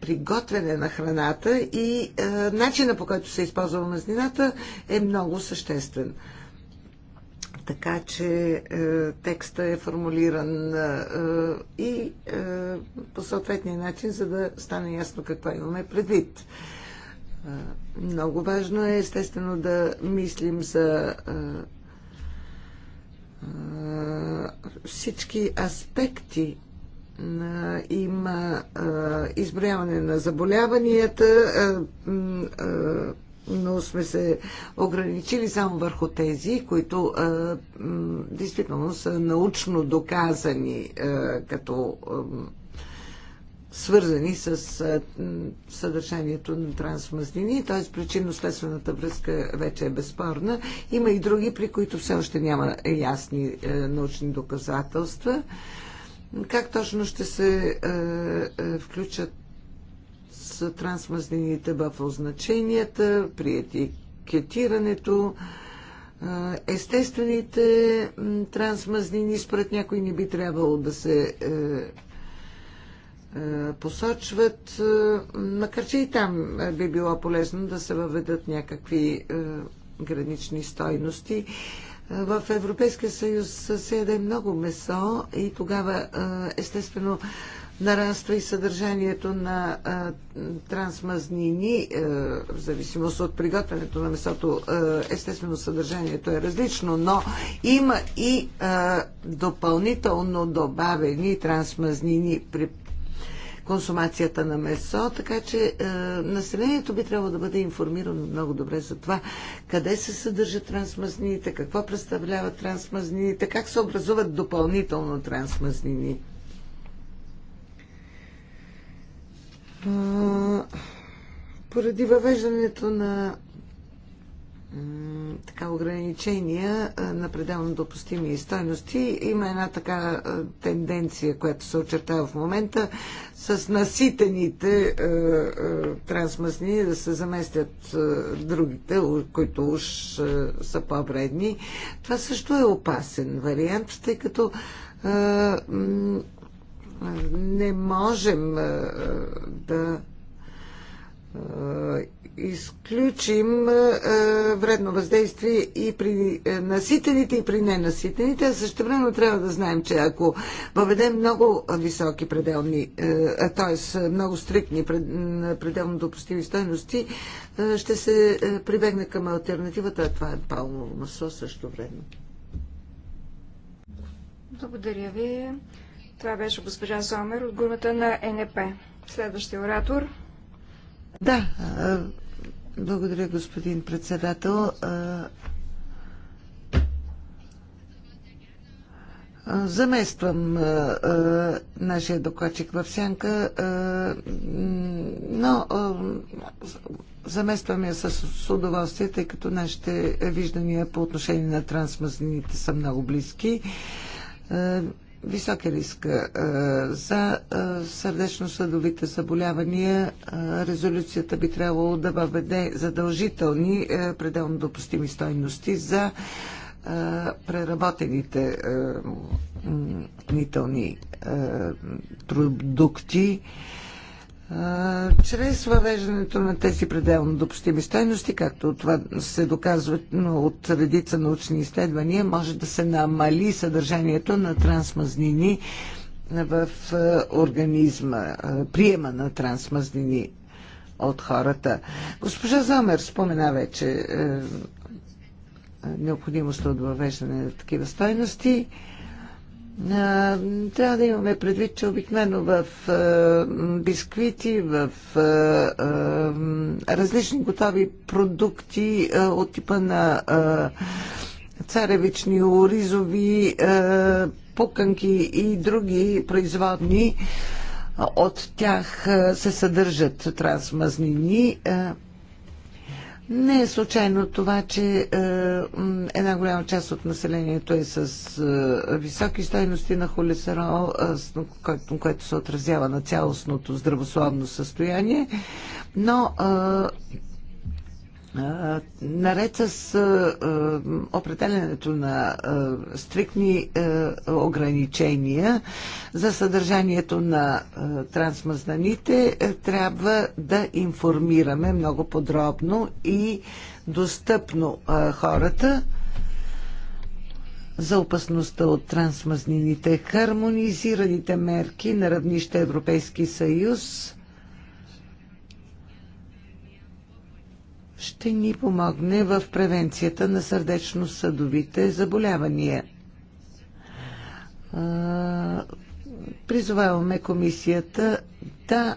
приготвяне на храната и начина по който се използва мазнината е много съществен така че е, текста е формулиран е, и е, по съответния начин, за да стане ясно какво имаме предвид. Е, много важно е, естествено, да мислим за е, е, всички аспекти има е, изброяване на заболяванията, е, е, но сме се ограничили само върху тези, които а, м, действително са научно доказани а, като а, свързани с а, съдържанието на трансмазнини, т.е. причинно-следствената връзка вече е безспорна. Има и други, при които все още няма ясни а, е, научни доказателства. Как точно ще се а, е, а, е, включат с трансмазнините в означенията, при етикетирането, естествените трансмазнини според някои не би трябвало да се е, е, посочват, макар че и там е, би било полезно да се въведат някакви гранични стойности. В Европейския съюз се яде много месо и тогава естествено нараства и съдържанието на а, трансмазнини, а, е, в зависимост от приготвянето на месото. А, е, естествено, съдържанието е различно, но има и а, допълнително добавени трансмазнини при консумацията на месо, така че е, населението би трябвало да бъде информирано много добре за това къде се съдържат трансмазнините, какво представляват трансмазнините, как се образуват допълнително трансмазнините. поради въвеждането на така ограничения на пределно допустими стойности. Има една така тенденция, която се очертава в момента, с наситените е, е, трансмасни да се заместят е, другите, които уж е, са по-вредни. Това също е опасен вариант, тъй като не можем да изключим вредно въздействие и при наситените, и при ненаситените. също време трябва да знаем, че ако въведем много високи пределни, т.е. много стрикни пределно допустими стойности, ще се прибегне към альтернативата, това е палмово масло също време. Благодаря ви. Това беше госпожа Зомер от групата на НП. Следващия оратор. Да, благодаря, господин председател. Замествам нашия докладчик в сянка, но замествам я с удоволствие, тъй като нашите виждания по отношение на трансмазнините са много близки висок е риск е, за е, сърдечно-съдовите заболявания. Е, резолюцията би трябвало да въведе задължителни пределно допустими стойности за преработените нителни продукти чрез въвеждането на тези пределно допустими стойности, както това се доказва от редица научни изследвания, може да се намали съдържанието на трансмазнини в организма, приема на трансмазнини от хората. Госпожа Замер спомена вече е, е, необходимостта от въвеждане на такива стойности. Трябва да имаме предвид, че обикновено в бисквити, в различни готови продукти от типа на царевични, оризови, пуканки и други производни, от тях се съдържат трансмазнини. Не е случайно това, че е, една голяма част от населението е с е, високи стойности на холестерол, е, което, което се отразява на цялостното здравословно състояние, но е, наред с определенето на стриктни ограничения за съдържанието на трансмазнаните, е, трябва да информираме много подробно и достъпно хората за опасността от трансмазнините. Хармонизираните мерки на равнище Европейски съюз – ще ни помогне в превенцията на сърдечно-съдовите заболявания. Призоваваме комисията да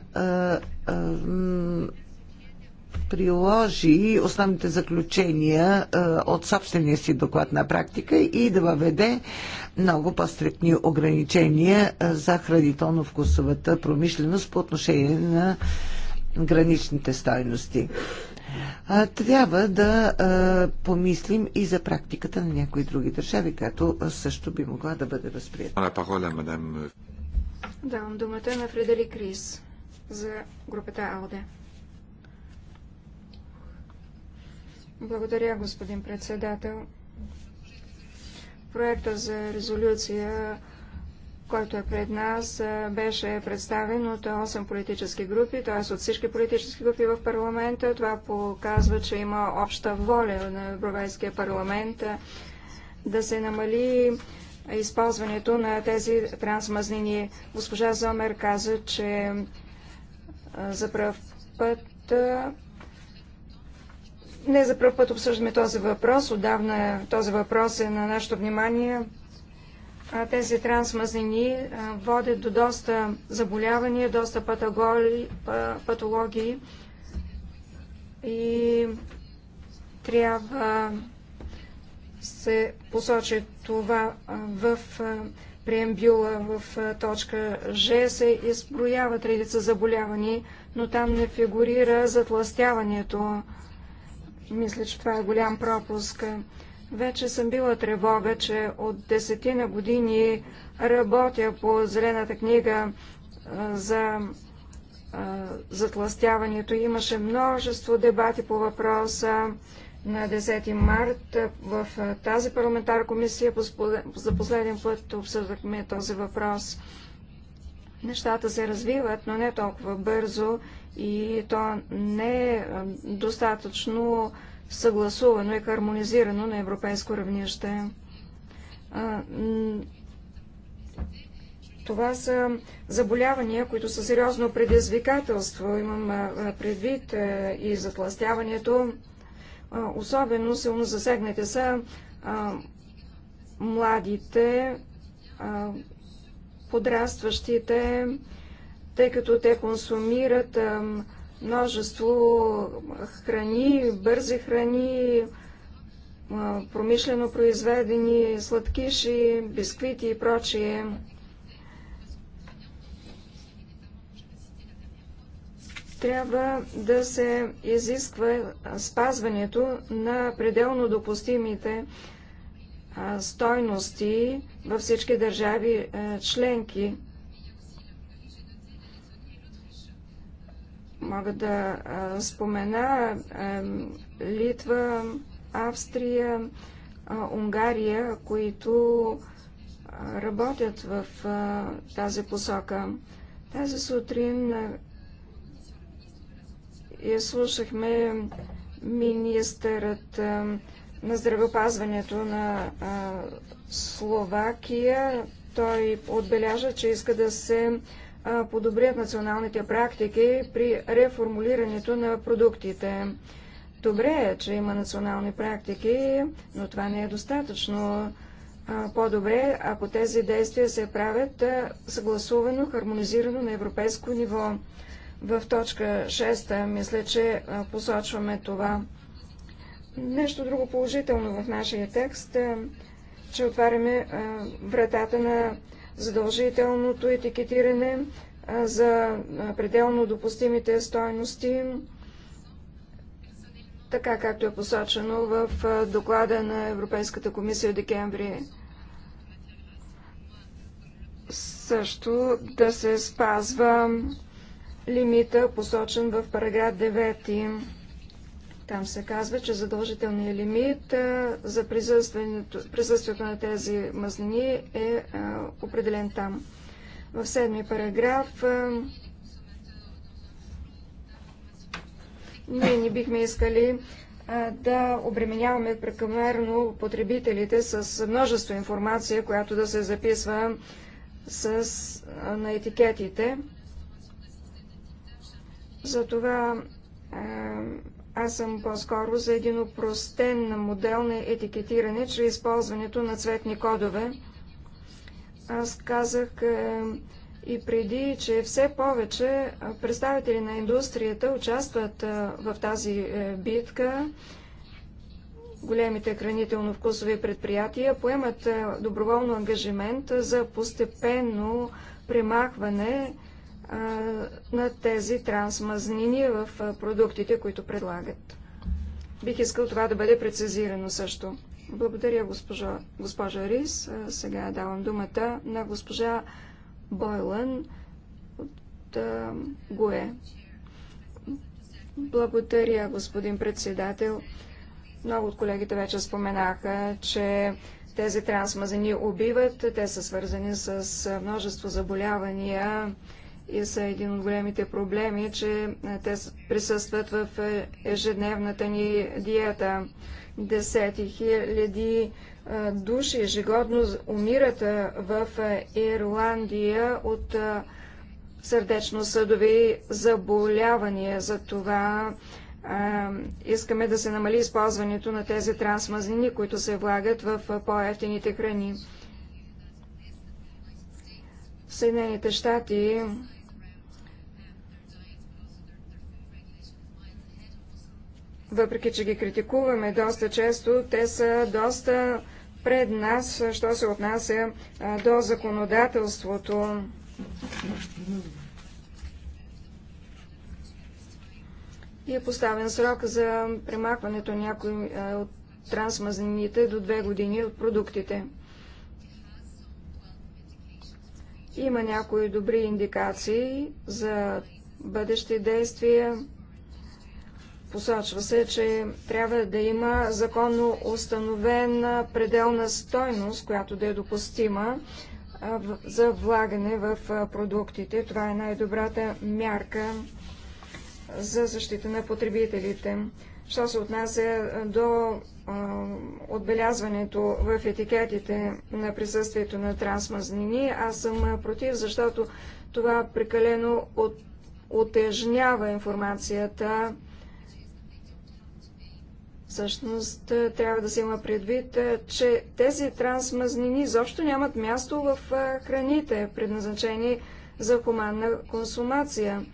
приложи основните заключения от собствения си доклад на практика и да въведе много по-стрикни ограничения за хранително-вкусовата промишленост по отношение на граничните стойности трябва да помислим и за практиката на някои други държави, която също би могла да бъде възприета. Давам думата на Фредерик Рис за групата АЛДЕ. Благодаря, господин председател. Проекта за резолюция който е пред нас, беше представен от 8 политически групи, т.е. от всички политически групи в парламента. Това показва, че има обща воля на Европейския парламент да се намали използването на тези трансмазнини. Госпожа Зомер каза, че за пръв път не за пръв път обсъждаме този въпрос. Отдавна този въпрос е на нашето внимание тези трансмазнини водят до доста заболявания, доста патологии, патологии и трябва се посочи това в преембюла в точка Ж се изброяват редица заболявания, но там не фигурира затластяването. Мисля, че това е голям пропуск. Вече съм била тревога, че от десетина години работя по Зелената книга за затластяването. Имаше множество дебати по въпроса на 10 март в тази парламентарна комисия за последен път обсъждахме този въпрос. Нещата се развиват, но не толкова бързо и то не е достатъчно съгласувано и хармонизирано на европейско равнище. Това са заболявания, които са сериозно предизвикателство. Имам предвид и затластяването. Особено силно засегнати са младите, подрастващите, тъй като те консумират множество храни, бързи храни, промишлено произведени сладкиши, бисквити и прочие. Трябва да се изисква спазването на пределно допустимите стойности във всички държави членки. Мога да спомена Литва, Австрия, Унгария, които работят в тази посока. Тази сутрин я слушахме министърът на здравеопазването на Словакия. Той отбеляза, че иска да се подобрят националните практики при реформулирането на продуктите. Добре е, че има национални практики, но това не е достатъчно. По-добре, ако тези действия се правят съгласувано, хармонизирано на европейско ниво. В точка 6 мисля, че посочваме това. Нещо друго положително в нашия текст, че отваряме вратата на задължителното етикетиране за пределно допустимите стойности, така както е посочено в доклада на Европейската комисия декември. Също да се спазва лимита, посочен в параграф 9. Там се казва, че задължителният лимит за присъствието, присъствието на тези мазнини е определен там. В седми параграф ние не бихме искали да обременяваме прекомерно потребителите с множество информация, която да се записва с, на етикетите. Затова аз съм по-скоро за един упростен модел на етикетиране чрез използването на цветни кодове. Аз казах е, и преди, че все повече представители на индустрията участват е, в тази е, битка. Големите хранително-вкусови предприятия поемат е, доброволно ангажимент за постепенно примахване на тези трансмазнини в продуктите, които предлагат. Бих искал това да бъде прецизирано също. Благодаря, госпожа, госпожа Рис. Сега давам думата на госпожа Бойлън от ГУЕ. Благодаря, господин председател. Много от колегите вече споменаха, че тези трансмазени убиват. Те са свързани с множество заболявания, и са един от големите проблеми, че те присъстват в ежедневната ни диета. Десети хиляди души ежегодно умират в Ирландия от сърдечно-съдови заболявания. За това искаме да се намали използването на тези трансмазнини, които се влагат в по-ефтините храни. Съединените щати Въпреки, че ги критикуваме доста често, те са доста пред нас, що се отнася до законодателството. И е поставен срок за премахването някои от трансмазнините до две години от продуктите. Има някои добри индикации за бъдещи действия. Посочва се, че трябва да има законно установена пределна стойност, която да е допустима за влагане в продуктите. Това е най-добрата мярка за защита на потребителите. Що се отнася до а, отбелязването в етикетите на присъствието на трансмазнини, аз съм против, защото това прекалено от, отежнява информацията Всъщност е, трябва да се има предвид, е, че тези трансмазнини изобщо нямат място в е, храните, предназначени за хуманна консумация.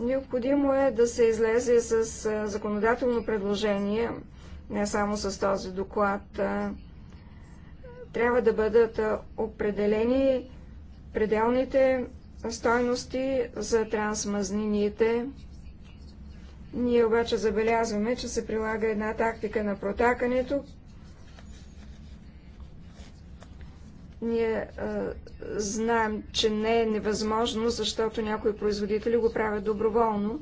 Необходимо е да се излезе с законодателно предложение, не само с този доклад. Трябва да бъдат определени пределните стойности за трансмазнините. Ние обаче забелязваме, че се прилага една тактика на протакането. Ние а, знаем, че не е невъзможно, защото някои производители го правят доброволно.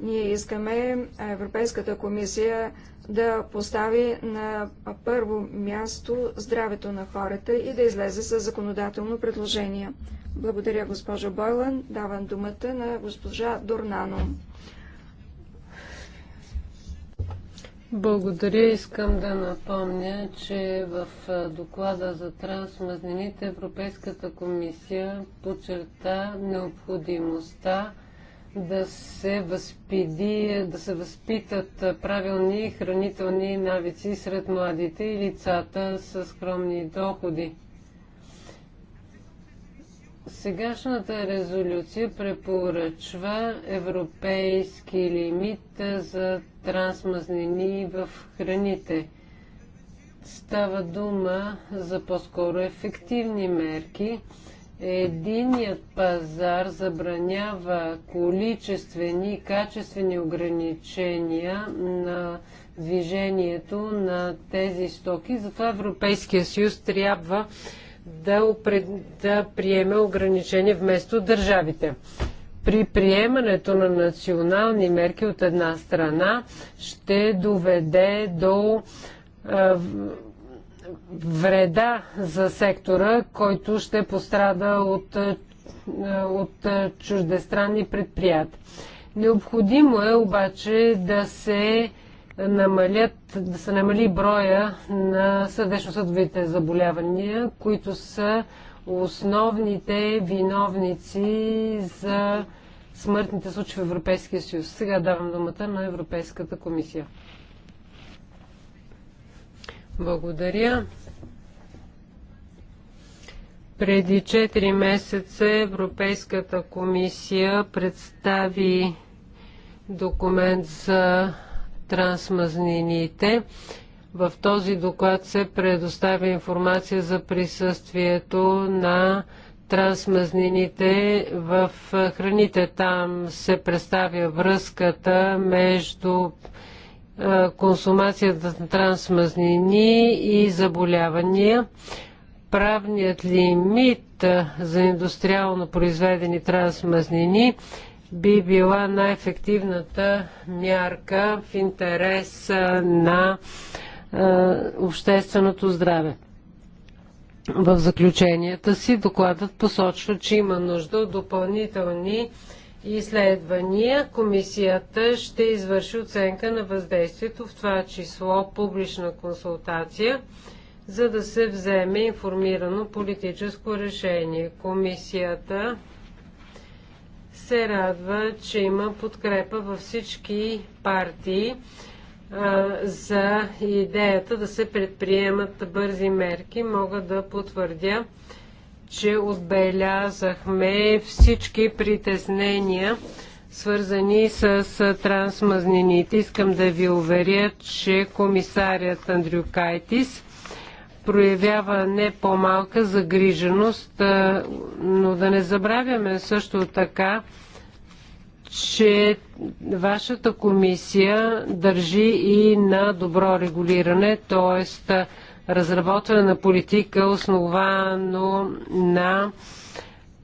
Ние искаме Европейската комисия да постави на първо място здравето на хората и да излезе с законодателно предложение. Благодаря, госпожо Бойлан. Давам думата на госпожа Дорнано. Благодаря. Искам да напомня, че в доклада за трансмазнините Европейската комисия подчерта необходимостта да се, възпиди, да се възпитат правилни хранителни навици сред младите и лицата с скромни доходи. Сегашната резолюция препоръчва европейски лимит за трансмазнини в храните. Става дума за по-скоро ефективни мерки. Единият пазар забранява количествени и качествени ограничения на движението на тези стоки. Затова Европейския съюз трябва да, опред... да приеме ограничения вместо държавите. При приемането на национални мерки от една страна ще доведе до а, вреда за сектора, който ще пострада от, от чуждестранни предприятия. Необходимо е обаче да се намалят, да се намали броя на сърдечно-съдовите заболявания, които са основните виновници за смъртните случаи в Европейския съюз. Сега давам думата на Европейската комисия. Благодаря. Преди 4 месеца Европейската комисия представи документ за трансмазнините. В този доклад се предоставя информация за присъствието на трансмазнините в храните. Там се представя връзката между консумацията на трансмазнини и заболявания. Правният лимит за индустриално произведени трансмазнини би била най-ефективната мярка в интерес на общественото здраве. В заключенията си докладът посочва, че има нужда от допълнителни изследвания. Комисията ще извърши оценка на въздействието, в това число публична консултация, за да се вземе информирано политическо решение. Комисията се радва, че има подкрепа във всички партии а, за идеята да се предприемат бързи мерки. Мога да потвърдя, че отбелязахме всички притеснения, свързани с трансмазнините. Искам да ви уверя, че комисарят Кайтис – проявява не по-малка загриженост, но да не забравяме също така, че вашата комисия държи и на добро регулиране, т.е. разработване на политика, основано на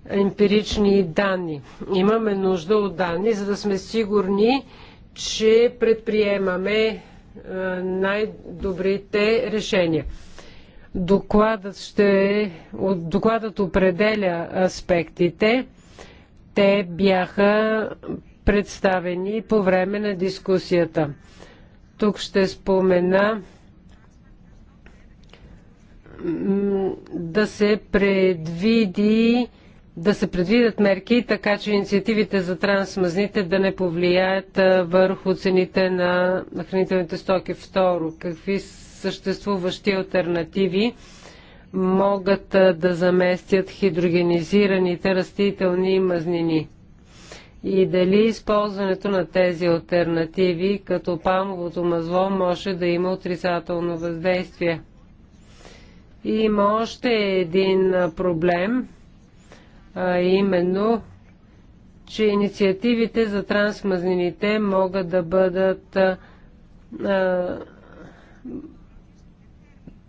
емпирични данни. Имаме нужда от данни, за да сме сигурни, че предприемаме най-добрите решения. Докладът, ще, докладът определя аспектите. Те бяха представени по време на дискусията. Тук ще спомена да се предвиди да се предвидят мерки, така че инициативите за трансмазните да не повлияят върху цените на хранителните стоки. Второ, какви съществуващи альтернативи могат да заместят хидрогенизираните растителни мазнини. И дали използването на тези альтернативи като памовото мазло може да има отрицателно въздействие. И има още един проблем, а именно, че инициативите за трансмазнините могат да бъдат а,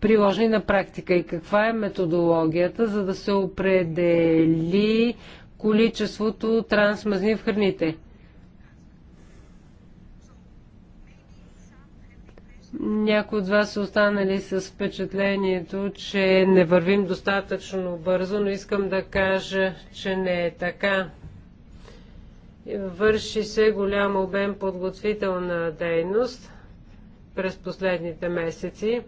приложени на практика и каква е методологията, за да се определи количеството трансмазни в храните. Някои от вас са останали с впечатлението, че не вървим достатъчно бързо, но искам да кажа, че не е така. Върши се голям обем подготвителна дейност през последните месеци.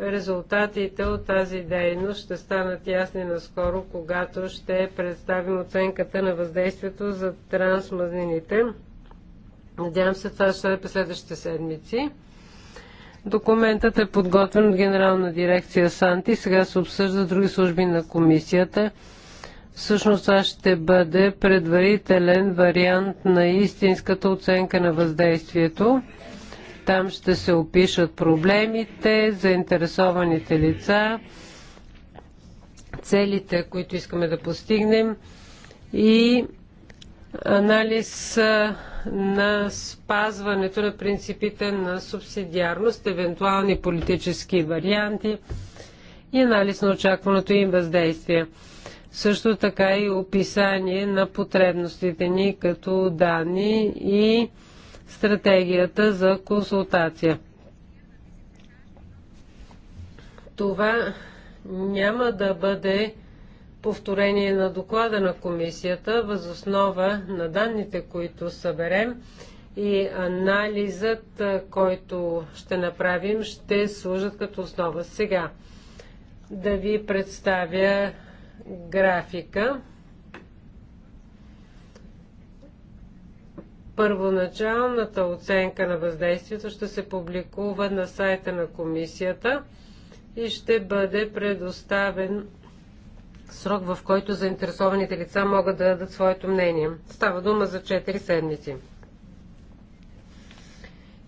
Резултатите от тази дейност ще станат ясни наскоро, когато ще представим оценката на въздействието за трансмазнините. Надявам се, това ще е през следващите седмици. Документът е подготвен от Генерална дирекция Санти. Сега се обсъжда други служби на комисията. Всъщност това ще бъде предварителен вариант на истинската оценка на въздействието. Там ще се опишат проблемите, заинтересованите лица, целите, които искаме да постигнем и анализ на спазването на принципите на субсидиарност, евентуални политически варианти и анализ на очакваното им въздействие. Също така и описание на потребностите ни като данни и стратегията за консултация. Това няма да бъде повторение на доклада на комисията възоснова на данните, които съберем и анализът, който ще направим, ще служат като основа. Сега да ви представя графика. Първоначалната оценка на въздействието ще се публикува на сайта на комисията и ще бъде предоставен срок, в който заинтересованите лица могат да дадат своето мнение. Става дума за 4 седмици.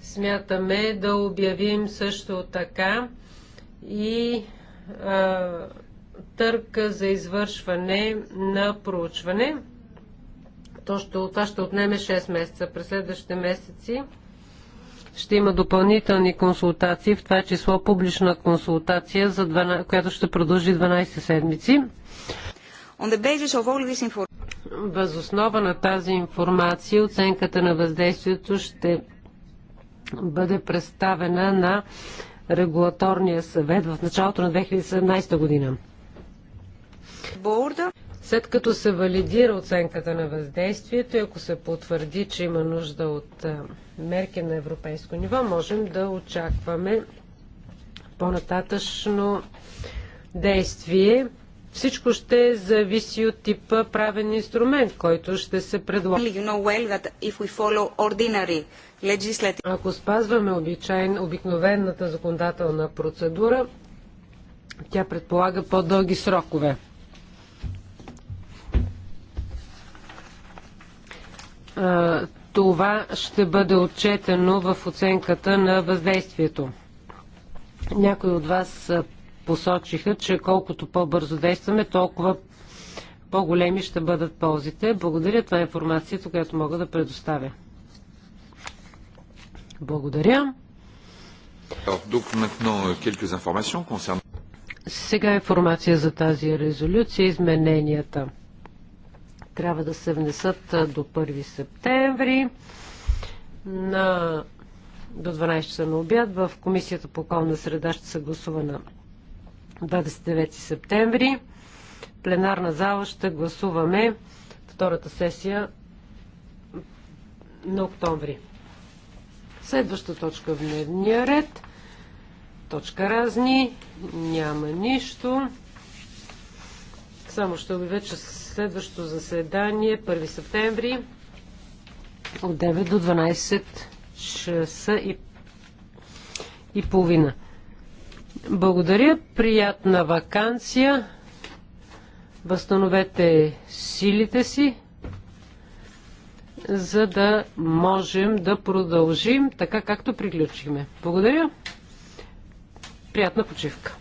Смятаме да обявим също така и а, търка за извършване на проучване. То ще, това ще отнеме 6 месеца. През следващите месеци ще има допълнителни консултации, в това число публична консултация, за 12, която ще продължи 12 седмици. Възоснова на тази информация оценката на въздействието ще бъде представена на регулаторния съвет в началото на 2017 година. Борда. След като се валидира оценката на въздействието и ако се потвърди, че има нужда от мерки на европейско ниво, можем да очакваме по-нататъчно действие. Всичко ще зависи от типа правен инструмент, който ще се предложи. Ако спазваме обичайн, обикновената законодателна процедура, тя предполага по-дълги срокове. това ще бъде отчетено в оценката на въздействието. Някои от вас посочиха, че колкото по-бързо действаме, толкова по-големи ще бъдат ползите. Благодаря. Това е информацията, която мога да предоставя. Благодаря. Euh, Сега е информация за тази резолюция, измененията трябва да се внесат до 1 септември на до 12 часа на обяд. В Комисията по околна среда ще се гласува на 29 септември. Пленарна зала ще гласуваме втората сесия на октомври. Следваща точка в дневния ред. Точка разни. Няма нищо. Само ще обявя, че Следващото заседание 1 септември от 9 до 12 часа и, и половина. Благодаря, приятна вакансия. Възстановете силите си, за да можем да продължим така, както приключихме. Благодаря. Приятна почивка.